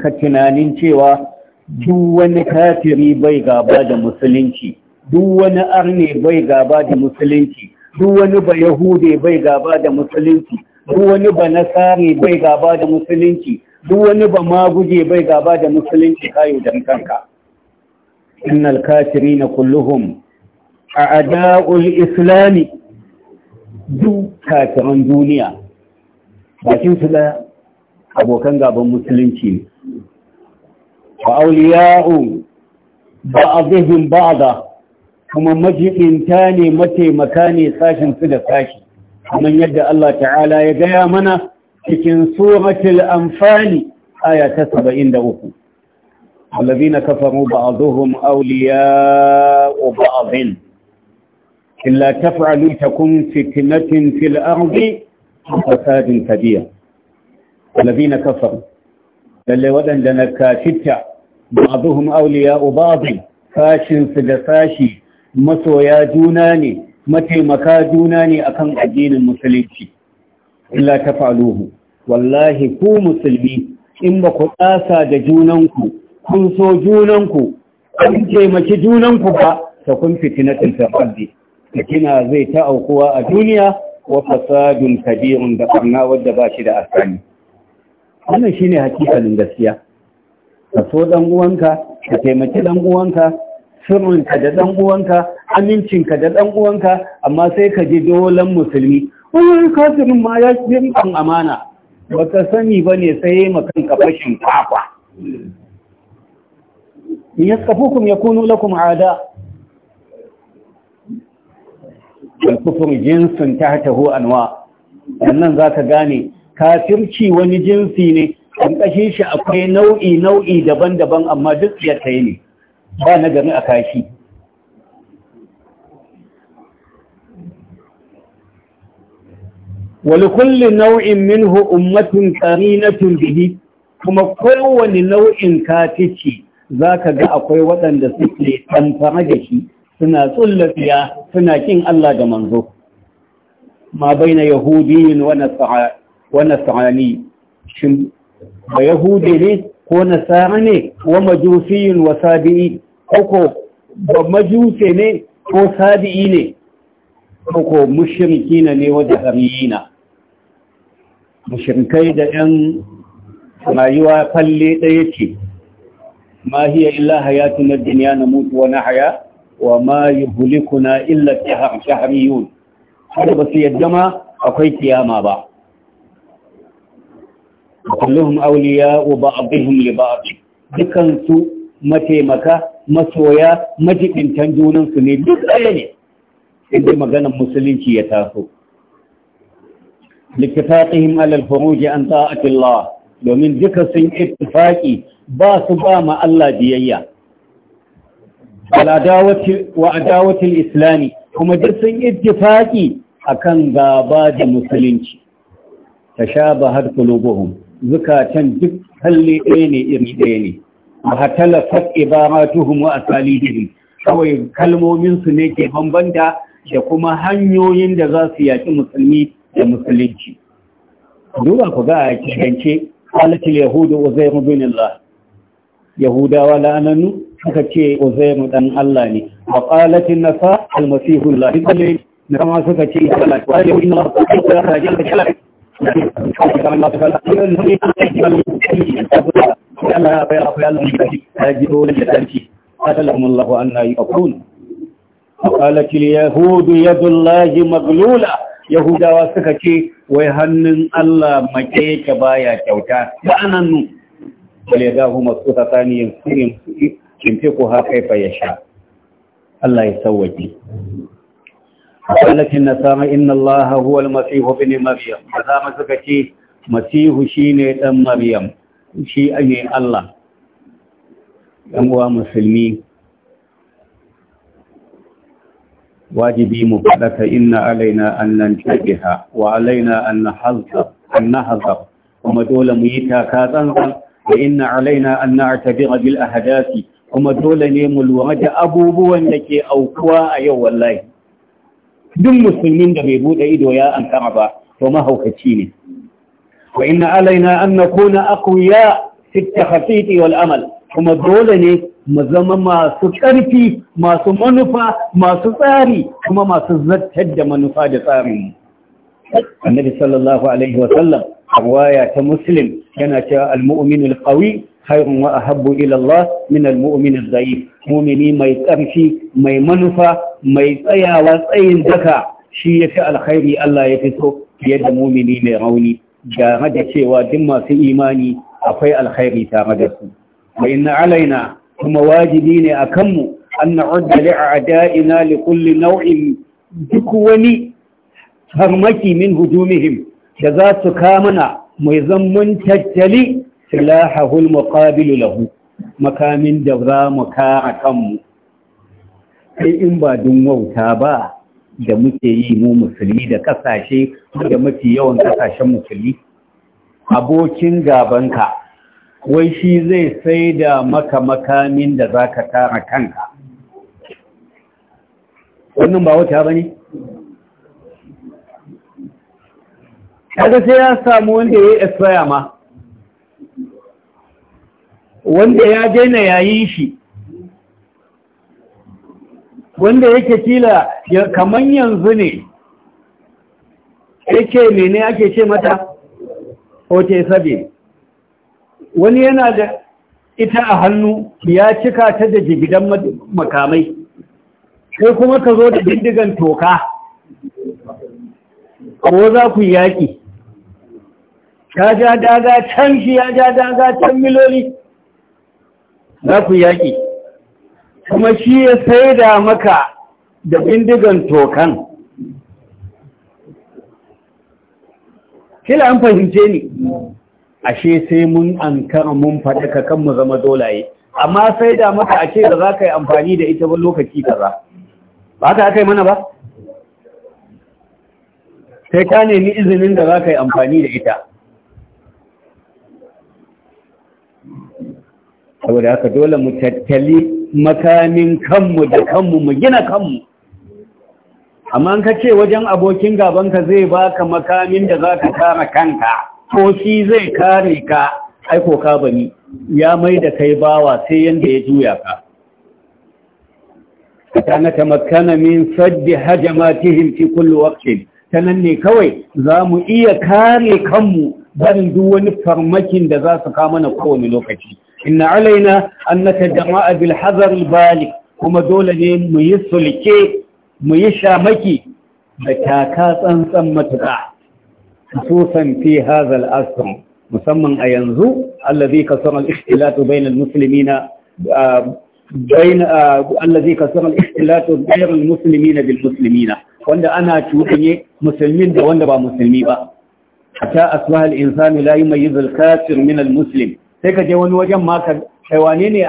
ka tunanin cewa duk wani kafiri bai gaba da musulunci duk wani arne bai gaba da musulunci duk wani ba yahude bai gaba da musulunci duk wani ba nasari bai gaba da musulunci duk wani ba ma guje bai gaba da musulunci kayo dan kanka innal kafirina a a'da'ul islami duk kafiran duniya bakin su da abokan gaban musulunci ne wa auliya'u ba'dhum ba'da kuma majiɗinta ne mataimaka ne sashin su da sashi kamar yadda Allah ta'ala ya gaya mana cikin suratul amfani aya ta 73 alladhina kafaru ba'dhum awliya'u ba'dhin illa taf'alu takun fitnatun fil ardi fasadun kabir alladhina kafaru lalle wadanda na kafita ba'dhum awliya'u ba'dhin fashin da sashi, masoya juna ne mataimaka juna ne akan addinin musulunci illa ta faluhu, wallahi ku musulmi in ba ku tsasa da junanku kun so junanku kun taimaki junanku ba ta kun fitinatul tafardi kina zai ta aukuwa a duniya wa fasadun kabirun da karna wadda ba shi da asali wannan shine hakikalin gaskiya ka so dan uwanka ka taimaki ɗan uwanka sirrinka da dan uwanka amincinka da ɗan uwanka amma sai ka ji dolan musulmi wani kasirin ma ya ce an amana ba ka sani ba ne sai makan kafashin kwakwa in ya kuma ya kunu lakum ada kufin jinsin ta taho anwa wannan za ka gane kafirci wani jinsi ne kashe shi akwai nau'i nau'i daban-daban amma duk ya ne ba na gani a kashi ولكل نوع منه أمة قرينة به كما كل نوع كاتشي ذاك جاء قوي وطن دسكلي تنفرجشي سنة صلة يا سنة كين الله جمنزو ما بين يهودي ونسعاني شم ويهودي لي ونصراني ومجوسي وصابئي أكو ومجوسي ne ko sabi'i ne مشركين mushrikina وجهريين wa mushrikai da ‘yan rayuwa falle ɗaya ce ma hiya illa hayatu na duniya na mutu wani haya wa ma yi hulikuna illa shahariyun har ba su yadda ma akwai kiyama ba kullum auliya wa ba'abihim li ba'abih dukan su mataimaka masoya majibintan junansu ne duk ɗaya ne inda maganar musulunci ya taso littafaqihim alal furuji an ta'ati Allah domin duka sun ittifaqi ba su ba ma Allah biyayya al'adawati wa adawati al-islami kuma duk sun ittifaqi akan gaba da musulunci tashabahat qulubuhum zukatan duk halli ɗaya ne iri ɗaya ne mahatalafat ibaratuhum wa asalihim kawai kalmomin su ne ke bambanta da kuma hanyoyin da za su yaƙi musulmi da musulunci duba ku ga a kirance halittar yahudu uzairu bin Allah yahudawa la'anannu suka ce uzairu dan Allah ne wa qalatin nasa almasihu Allah ibn kama suka ce Allah wa inna Allah ta'ala rajul kalam Allah ya rafa Allah ya ji dole da sarki atalahum Allah an la yaqulun qalat al yahud yadu Allah maghlula Yahudawa suka ce, "Wai hannun Allah mace yake baya kyauta, ba'anan nu, wale za kuma su ta sani yin suyin suyi, cinfe ko haifa ya sha, Allah ya sauwaje. A kwallafin na sama inna Allah huwal masihu bin Maryam, za mu suka ce, Masihu shi ne ɗan Maryam, shi ne Allah, ‘yan uwa musulmi’. wajibi mu faɗaka inna alaina an nan tabiha wa alaina an nahazar kuma dole mu yi taka tsantsan wa inna alaina an na'tabira bil ahdasi kuma dole ne mu lura da abubuwan da ke aukuwa a yau wallahi duk musulmin da bai bude ido ya an ba to mahaukaci ne wa inna alaina an nakuna aqwiya fi at-takhafiti wal amal kuma dole ne mu zama masu ƙarfi masu manufa masu tsari kuma masu zartar da manufa da tsarin annabi sallallahu alaihi wa sallam ta muslim yana cewa al-mu'min al-qawi khairun wa ahabbu ila Allah min al-mu'min al-dha'if mu'mini mai ƙarfi mai manufa mai tsayawa tsayin daka shi yafi alkhairi Allah ya fito fiye da mu'mini mai rauni Gyara da cewa duk masu imani akwai alkhairi tare da su wa inna alaina kuma wajibi ne a kanmu an na'udda li'a'da'ina li likulli nau'in duk wani farmaki min hujumihim da za su kamana mai zammun tattali silahahul muqabilu lahu makamin da za mu kara kanmu sai in ba dun wauta ba da muke yi mu musulmi da kasashe da mafi yawan kasashen musulmi abokin gabanka wai shi zai sai da maka makamin da za ka tara kanka wannan ba wata ba ne? kaga sai ya samu wanda ya yi esfaya ma wanda ya daina yayin shi wanda yake kila kamar yanzu ne yake mene ake ce mata ote sabi wani yana da ita a hannu ya cika ta da jigidan makamai sai kuma ka zo da bindigan toka ko za ku yaƙi Ya ja daga can shi ya ja daga can miloli za ku yaƙi kuma shi ya sai da maka da bindigan tokan kila an fahimce ni ashe sai mun kama mun ka kan mu zama dolaye amma sai da maka a ce da za ka yi amfani da ita ba lokaci kaza ba ta aka yi mana ba sai ka nemi izinin da za ka yi amfani da ita saboda haka dole mu tattali makamin kanmu da kanmu mu gina kanmu amma ka ce wajen abokin gabanka zai baka makamin da za ka kama kanka ko shi zai kare ka aiko ka bani ya mai da kai bawa sai yanda ya juya ka kana tamakkana min saddi hajamatihim fi kulli waqtin tanan ne kawai za mu iya kare kanmu barin duk wani farmakin da za su kama mana kowane lokaci inna alaina an natajama'a bil hazar balik kuma dole ne mu yi sulke mu yi shamaki da taka tsantsan matuƙa خصوصا في هذا الأسر مسمى أينزو الذي كسر الاختلاف بين المسلمين بين الذي كسر الاختلاف غير المسلمين بالمسلمين wanda ana cuɗanye musulmin da wanda ba musulmi ba hatta asbaha al-insan la yumayyiz al-kafir min al-muslim sai ka je wani wajen ma ka wane ne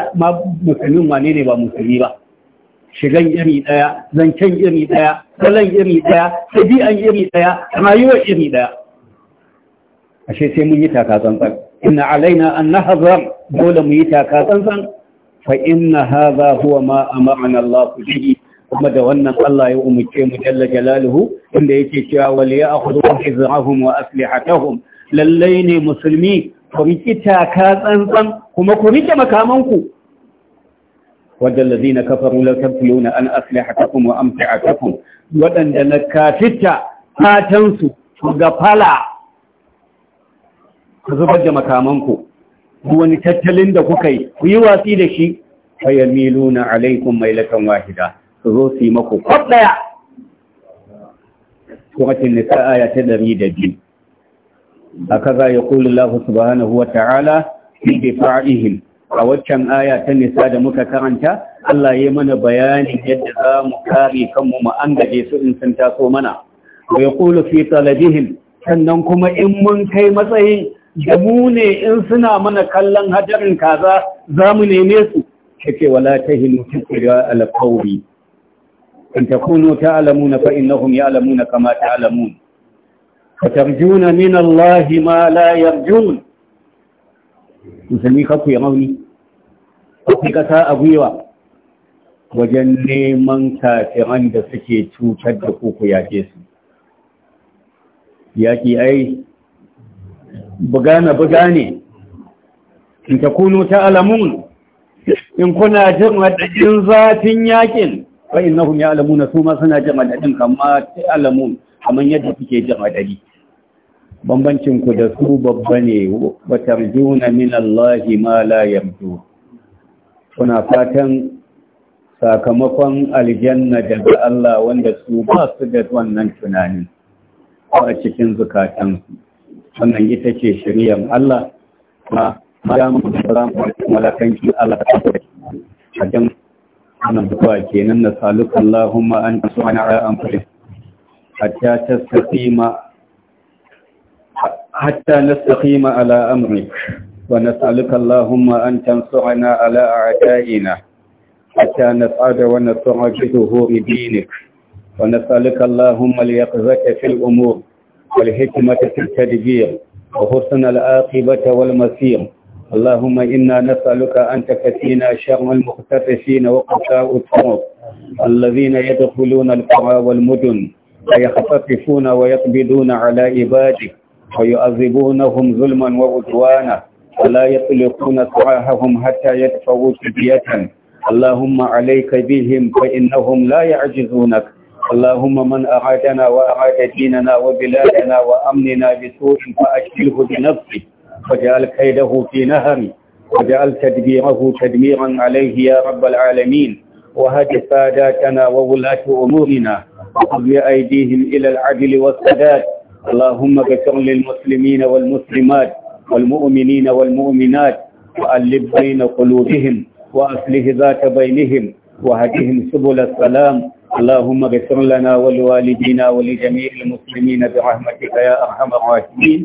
musulmin wane ne ba musulmi ba shigan iri daya zancen iri daya salon iri daya tabi'an iri daya rayuwar iri daya ashe sai mun yi taka tsantsan inna alaina an nahzar dole mu yi taka tsantsan fa inna hadha huwa ma amarna Allah bihi kuma da wannan Allah ya umurce mu jalla jalaluhu inda yake cewa wal ya'khudhu hizrahum wa aslihatahum lallai ne musulmi ku riki taka tsantsan kuma ku rike makamanku wadda lazina kafaru la tabtiluna an aslihatakum wa amti'atakum wadanda na kafitta su ga fala ku zubar da makamanku ku wani tattalin da kuka yi ku yi watsi da shi alaikun alaikum mailatan wahida su zo su yi mako Kwat daya suratul nisa aya ta da biyu. A 102 lafi su ba hana huwa ta'ala fi difa'ihim a waccan aya ta nisa da muka karanta Allah ya mana bayanin yadda za mu kare kanmu mu an gaje su in sun taso mana wa yaqulu fi talabihim sannan kuma in mun kai matsayin da mu ne in suna mana kallon hajarin kaza za mu neme su kake wala ta hinu tukira alqawli in na ta'lamuna fa innahum ya'lamuna kama ta'lamun tarjuna min Allahi ma la yarjun musulmi kaku ya mauni ku kasa a gwiwa wajen neman kafiran da suke cutar da ku ku yake su yaki ai buga bugane in ta kunu ta alamun in kuna jin madadin zafin yakin fa innahum ya'lamuna su ma suna jin madadin kamma ta alamun kamar yadda suke jin wadadi bambancin ku da su babba ne wa tarjuna min Allah ma la kuna fatan sakamakon aljanna daga Allah wanda su ba su da wannan tunani a cikin zukatansu wannan ita ce shirya. Allah ma ya mutu ran malakanci Allah ta tabbata hadan wannan duwa kenan na saluka Allahumma an tasuna ala anfusik hatta tastaqima hatta nastaqima ala amrik wa nas'aluka Allahumma an tansu'ana ala a'da'ina حتى نسعد ونسعد بظهور دينك ونسألك اللهم اليقظة في الأمور والحكمة في التدبير وحسن العاقبة والمسير اللهم إنا نسألك أن تكفينا شر المختفين وقفاء الطرق الذين يدخلون القرى والمدن ويختطفون ويقبضون على عبادك ويؤذبونهم ظلما وعدوانا ولا يطلقون سراحهم حتى يدفعوا فدية اللهم عليك بهم فإنهم لا يعجزونك اللهم من أعادنا وأعاد ديننا وبلادنا وأمننا بسوء فأشكله بنفسه وجعل كيده في نهره وجعل تدبيره تدميرا عليه يا رب العالمين وهد ساداتنا وولاة أمورنا وقضي أيديهم إلى العدل والسداد اللهم اغفر للمسلمين والمسلمات والمؤمنين والمؤمنات وألب بين قلوبهم وأصلح ذات بينهم وهدهم سبل السلام اللهم اغفر لنا ولوالدينا ولجميع المسلمين برحمتك يا أرحم الراحمين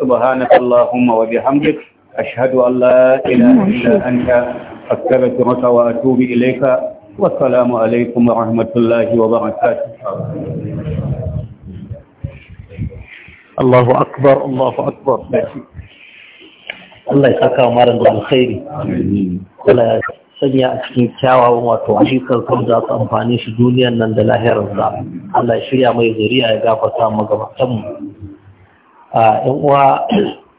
سبحانك اللهم وبحمدك أشهد أن لا إله إلا أنت أستغفرك وأتوب إليك والسلام عليكم ورحمة الله وبركاته الله أكبر الله أكبر الله يسعدك يا بالخير امين sanya a cikin kyawawan wato ayyukan kan za su amfani shi duniyar nan da lahirar za Allah shirya mai zuriya ya gafata mu gabatan mu a yan uwa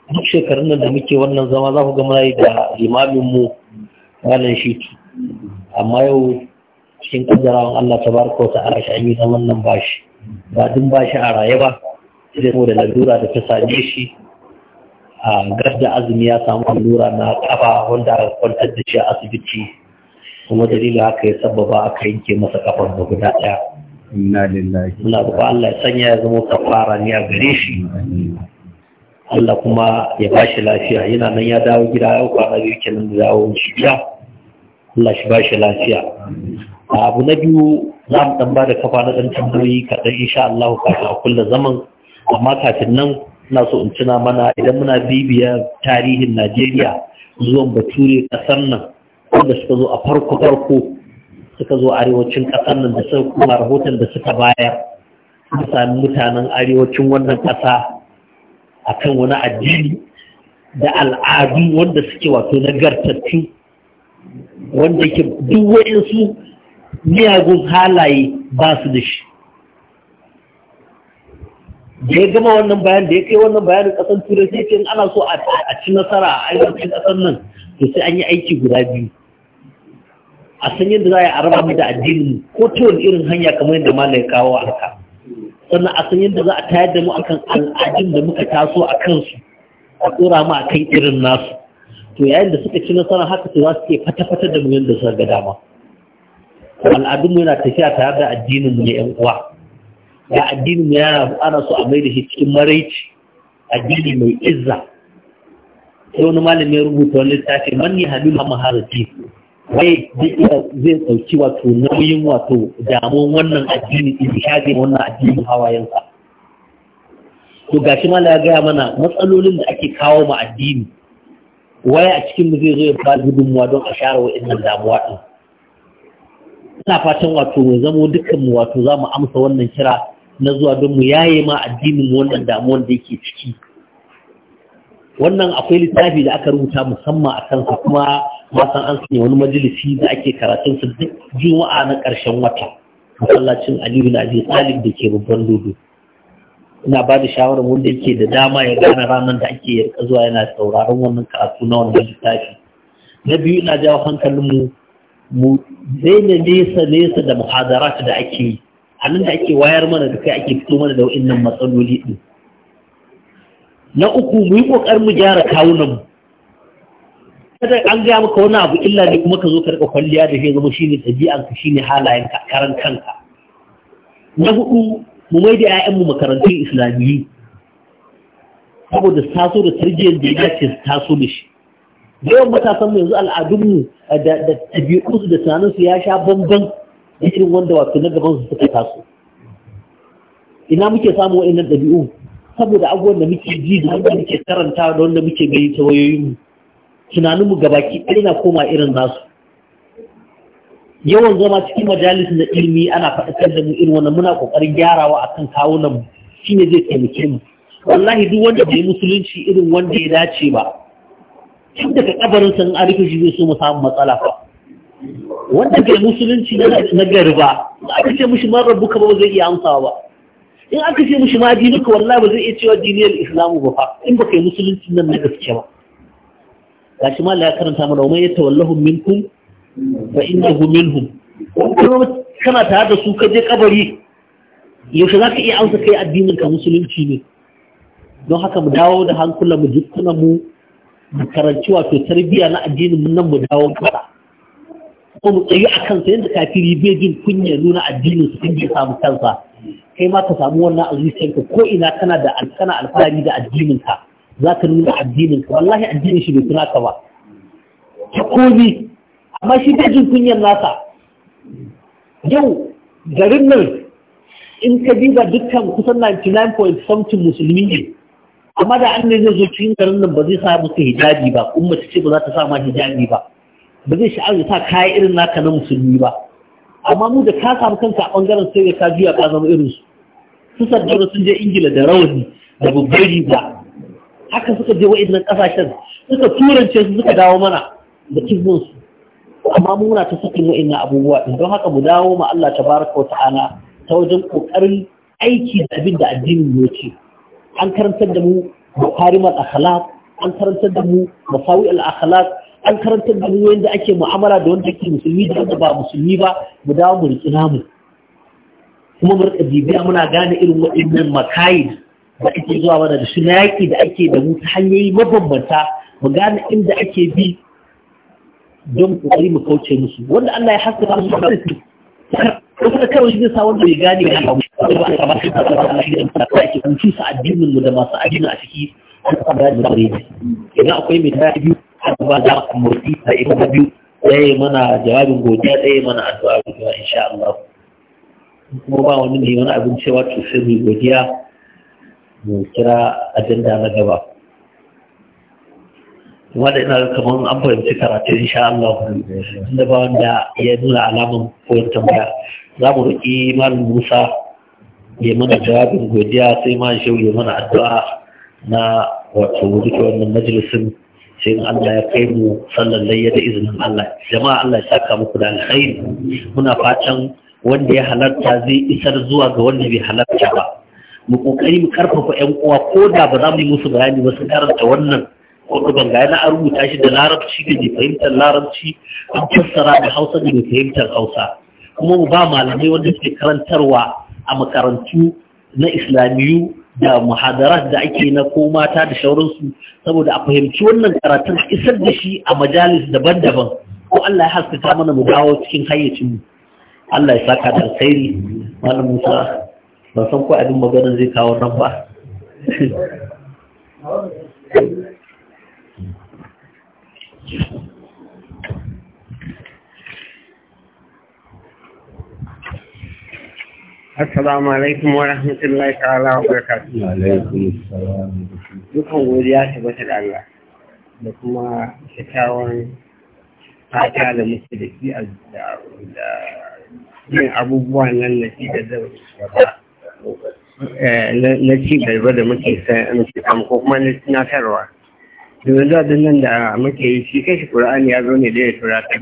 duk shekarun nan da muke wannan zama za ku ga muna da limamin mu wannan shi amma yau cikin kaddarawan Allah tabaraka wa ta'ala shi an yi zaman nan bashi ba dun bashi a raye ba sai da lalura da ta same shi a gadda azumi ya samu allura na kafa wanda aka kwantar da shi a asibiti kuma dalilin haka ya sababa aka yanke masa kafar da guda ɗaya inna lillahi muna ba Allah ya sanya ya zama kafara ne a gare shi Allah kuma ya ba shi lafiya yana nan ya dawo gida yau kwana biyu kenan da dawo shi ya Allah shi ba shi lafiya abu na biyu za mu ɗan ba da kafa na ɗan tambayoyi kaɗan insha Allah kafin a kulla zaman amma kafin nan ina so in tuna mana idan muna bibiya tarihin Najeriya zuwan bature kasar nan wanda suka zo a farko farko suka zo arewacin kasar nan da suka kuma rahoton da suka bayar suka sami mutanen arewacin wannan kasa akan wani addini da al'adu wanda suke wato nagartattu wanda yake duk waɗansu miyagun halaye ba su da shi da ya gama wannan bayan da ya kai wannan bayanin kasan turai sai in ana so a ci nasara a arewacin kasan nan to sai an yi aiki guda biyu a san yadda za a yi a raba da addinin ko ta wani irin hanya kamar yadda malam ya kawo a haka sannan a san yadda za a tayar da mu akan al'adun da muka taso a kansu a tsora mu kan irin nasu to yayin da suka ci nasara haka to za su iya fata-fata da mu yadda suka ga dama al'adunmu yana tafiya tare da addinin mu ne yan uwa da addinin yana ana so a mai da shi cikin maraici addini mai izza sai wani malami ya rubuta wani littafi man ya hadu ma maharaji wai zai ɗauki wato nauyin wato damuwan wannan addini din shafe wannan addinin hawayensa to gashi mala ya gaya mana matsalolin da ake kawo ma addini waya a cikin mu zai zo ya ba gudunmuwa don a share wa'annan damuwa din ina fatan wato mu zamo dukkan mu wato za mu amsa wannan kira na zuwa don mu yaye ma addinin wannan damuwan da yake ciki wannan akwai littafi da aka rubuta musamman a kansa kuma masan an sanya wani majalisi da ake karatun su duk juma'a na ƙarshen wata masallacin aliyu na abi talib da ke babban dodo ina ba da shawarar wanda yake da dama ya gane ranar da ake yarka zuwa yana sauraron wannan karatu na wannan littafi na biyu ina jawo hankalinmu mu daina nesa nesa da muhadarat da ake yi Anan da ake wayar mana da kai ake fito mana da wa'annan matsaloli din. na uku mu yi ƙoƙarin mu gyara kawunan mu kada an gaya maka wani abu illa ne kuma ka zo ka riƙa kwalliya da shi zama shine ɗabi'anka shine ka karan kanka na hudu mu mai da 'ya'yanmu makarantun islamiyyi saboda taso da tarbiyyar da ya ce su taso da shi yawan matasan mu yanzu al'adunmu da ɗabi'unsu da tunaninsu ya sha bambam da irin wanda wato na gaban su suka taso ina muke samu wa'annan ɗabi'u saboda abubuwan da muke ji da wanda muke karanta da wanda muke gani ta mu tunaninmu gabaki ɗaya na koma irin nasu yawan zama cikin majalis na ilimi ana faɗakar da mu irin wannan muna ƙoƙarin gyarawa a kan kawunan mu shine zai taimake mu wallahi duk wanda bai musulunci irin wanda ya dace ba tun daga ƙabarinsa san an rufe shi zai so mu samu matsala fa wanda ke musulunci na gari ba aka ce mushi man rabbuka ba zai iya amsawa ba in aka ce mushi ma dinuka wallahi ba zai iya cewa diniyar islamu ba fa in ba kai musulunci nan na gaske ba gashi ma Allah ya karanta mana wa ya tawallahu minkum fa innahu minhum kuma kana tare da su ka kabari yaushe zaka iya amsa kai addinin ka musulunci ne don haka mu dawo da hankulan mu dukkan mu mu karanci wato tarbiyya na addinin mu nan mu dawo kada. ko mu tsayi a kansa yadda kafiri bai jin kunya nuna addinin su inda samu kansa kai ma ka samu wannan azuciyar ka ko ina kana da kana alfahari da addinin ka za ka nuna addinin ka wallahi addinin shi bai tuna ka ba ta komi amma shi bai jin kunyan nasa yau garin nan in ka diba dukkan kusan something musulmi ne amma da an ne zai zo cikin garin nan ba zai sa musu hijabi ba kuma ce ba za ta sa ma hijabi ba ba zai sha'awar sa kayan irin naka na musulmi ba amma mu da ka samu kanka a bangaren sai ka juya ka zama irin su su saddara sun je ingila da rawani da babbar riga haka suka je nan kasashen suka turance su suka dawo mana da kizmin su amma muna ta sakin nan abubuwa Idan don haka mu dawo ma Allah baraka wa ta'ala ta wajen ƙoƙarin aiki da abin da addinin ya ce an karantar da mu makarimar akhlaq an karantar da mu masawi al akhlaq an karantar da mu da ake mu'amala da wanda ke musulmi da wanda ba musulmi ba mu dawo mu riƙi namu kuma mu riƙa bibiya muna gane irin waɗannan makayi da ake zuwa mana da su yaƙi da ake da mu ta hanyoyi mabambanta mu gane inda ake bi don kokari mu kauce musu wanda Allah ya haska musu da su kuma kawai shi sa wanda ya gane ya ba ba shi da Allah shi da ta ake kunci sa addinin mu da masu addini a ciki an fara da bare idan akwai mai ta biyu abubuwa za ku murti a ita biyu ɗaya mana jawabin godiya ɗaya mana addu'a godiya insha Allah kuma ba wani mai wani abin cewa to sai mu godiya mu kira ajanda na gaba kuma da ina kamar an fahimci karatu insha Allah inda ba wanda ya nuna alamun koyon tambaya za mu roƙi malam Musa ya mana jawabin godiya sai ma shi ya mana addu'a na wato wuce wannan majalisin sai in Allah ya kai mu layya da izinin Allah jama'a Allah ya saka muku da alkhairi muna fatan wanda ya halarta zai isar zuwa ga wanda bai halarta ba mu kokari mu karfafa yan uwa ko da ba za mu yi musu bayani ba su karanta wannan kudu ban ga na rubuta shi da larabci da bai fahimtar larabci an fassara da hausa da bai fahimtar hausa kuma mu ba malamai wanda suke karantarwa a makarantu na islamiyu da muhadarat da ake na ko mata da shauransu saboda a fahimci wannan karatun a isar da shi a majalis daban-daban ko Allah ya haskaka mana mu dawo cikin hayyacin mu Allah ya saka da alkhairi malam Musa ban san ko abin maganar zai kawo nan ba <laughs> Assalamu alaikum wa rahmatullahi ta'ala wa barakatuhu. Wa Alaikum assalam. Dukan godiya ta bata da Allah da kuma kyakkyawan fata da muke da shi a da yin abubuwa nan na ci da gaba eh, na ci gaba da muke samu ko kuma na tunatarwa. Domin zuwa nan da muke yi shi kai shi Kur'ani ya zo ne da ya tura ta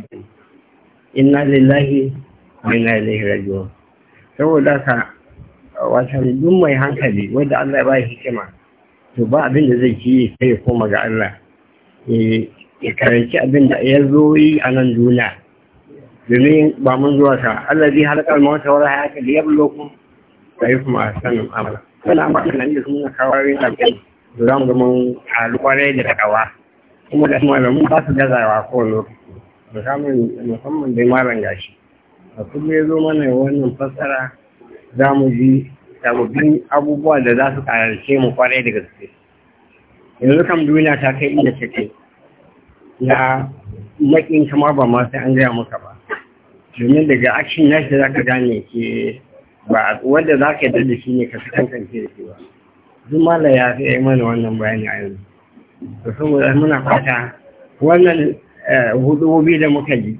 Inna lillahi wa inna ilaihi raji'un. saboda ka wata duk mai hankali wanda Allah ba hikima to ba abin da zai ci sai ya koma ga Allah ya karanci abin da ya zo yi a nan duniya domin ba mun zuwa ka. Allah zai halakar mawata wani hayata da ya bulo kun da yi kuma sanin amala suna ba kan nan da sun na kawarin abin da za mu ga mun halu da takawa kuma da kuma da mun ba su gazawa kowane lokaci musamman dai malam gashi a kuma ya zo mana wannan fassara za mu ji sababbin abubuwa da za su ƙararce mu kwarai da gaske yanzu kam duniya ta kai inda take. ya makin kama ba ma sai an gaya maka ba domin daga action nashi da za ka gane ke ba wanda za ka yadda da shi ne ka fi kankance da shi ba duk mala ya fi yi mana wannan bayani a yanzu to saboda muna fata wannan eh, hudubobi da muka ji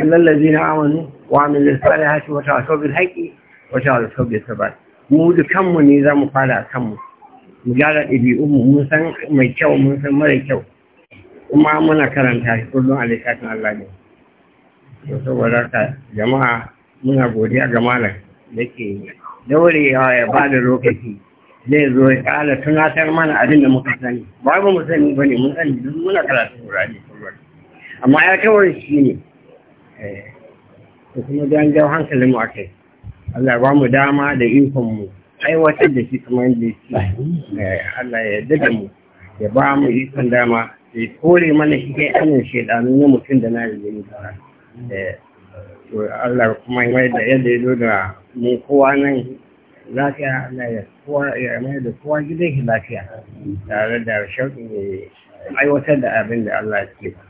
إن الذين آمنوا وعملوا الصالحات وتواصوا بالحق وتواصوا بالصبر mu da kanmu ne za mu fara a kanmu mu gyara ɗabi'unmu mun san mai kyau mun san mara kyau kuma muna karanta shi kullum a littafin Allah ne to saboda jama'a muna godiya ga malam da ke daurewa ya lokaci zai zo ya ƙara tunatar mana abin da muka sani babu mu sani ba ne mun sani duk muna karatu wurare amma ya kawai shi ne da eh. kuma don jan hankalin mu ake, Allah ba mu dama da ikon mu aiwatar da shi kamar yadda yake eh, Allah ya yarda da mu ya ba mu ikon dama ya kore mana shi kai anin shaidanun ya mutum da na yi tara eh, Allah kuma yi da yadda ya zo da mu kowa nan lafiya Allah ya kowa ya mai da kowa gidan shi lafiya tare da shauƙin aiwatar da abin da Allah ya ce ba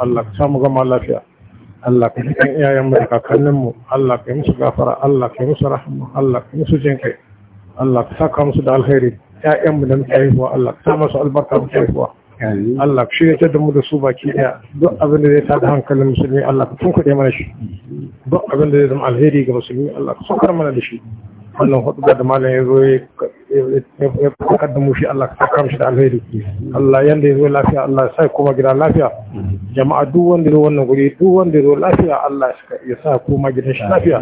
Allah ka samu gama lafiya Allah ka cikin iyayenmu da kakanninmu Allah ka yi musu gafara Allah ka yi musu rahama Allah ka yi musu kai Allah ka saka musu da alheri ƴaƴanmu da muke haihuwa Allah ka sa musu albarka muke haihuwa Allah ka shirya da mu da su baki ɗaya duk abin da zai tada hankalin musulmi Allah ka tunkuɗe mana shi duk abin da zai zama alheri ga musulmi Allah ka sokar mana da shi wannan hudu da malam ya zo ya fakar da mushi Allah ka sakar shi da alheri Allah yanda ya zo lafiya Allah ya sa kuma gida lafiya jama'a duk wanda zo wannan guri duk wanda zo lafiya Allah ya sa kuma gidan shi lafiya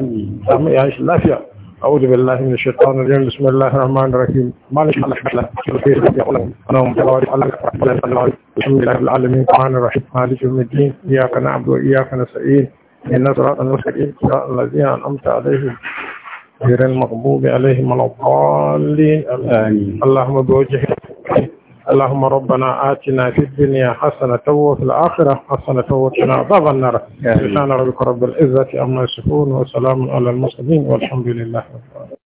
samu ya shi lafiya أعوذ بالله من الشيطان الرجيم بسم الله الرحمن الرحيم مالك الله لا كيف يقول أنا متوارد على الحمد لله العالمين الرحمن الرحيم مالك يوم الدين إياك نعبد وإياك نستعين إن صراط المستقيم صراط الذين أنعمت عليهم غير المغضوب عليهم ولا الضالين آمين اللهم بوجه اللهم ربنا آتنا في الدنيا حسنة وفي الآخرة حسنة وقنا عذاب النار سبحان ربك رب العزة عما يصفون وسلام على المرسلين والحمد لله رب العالمين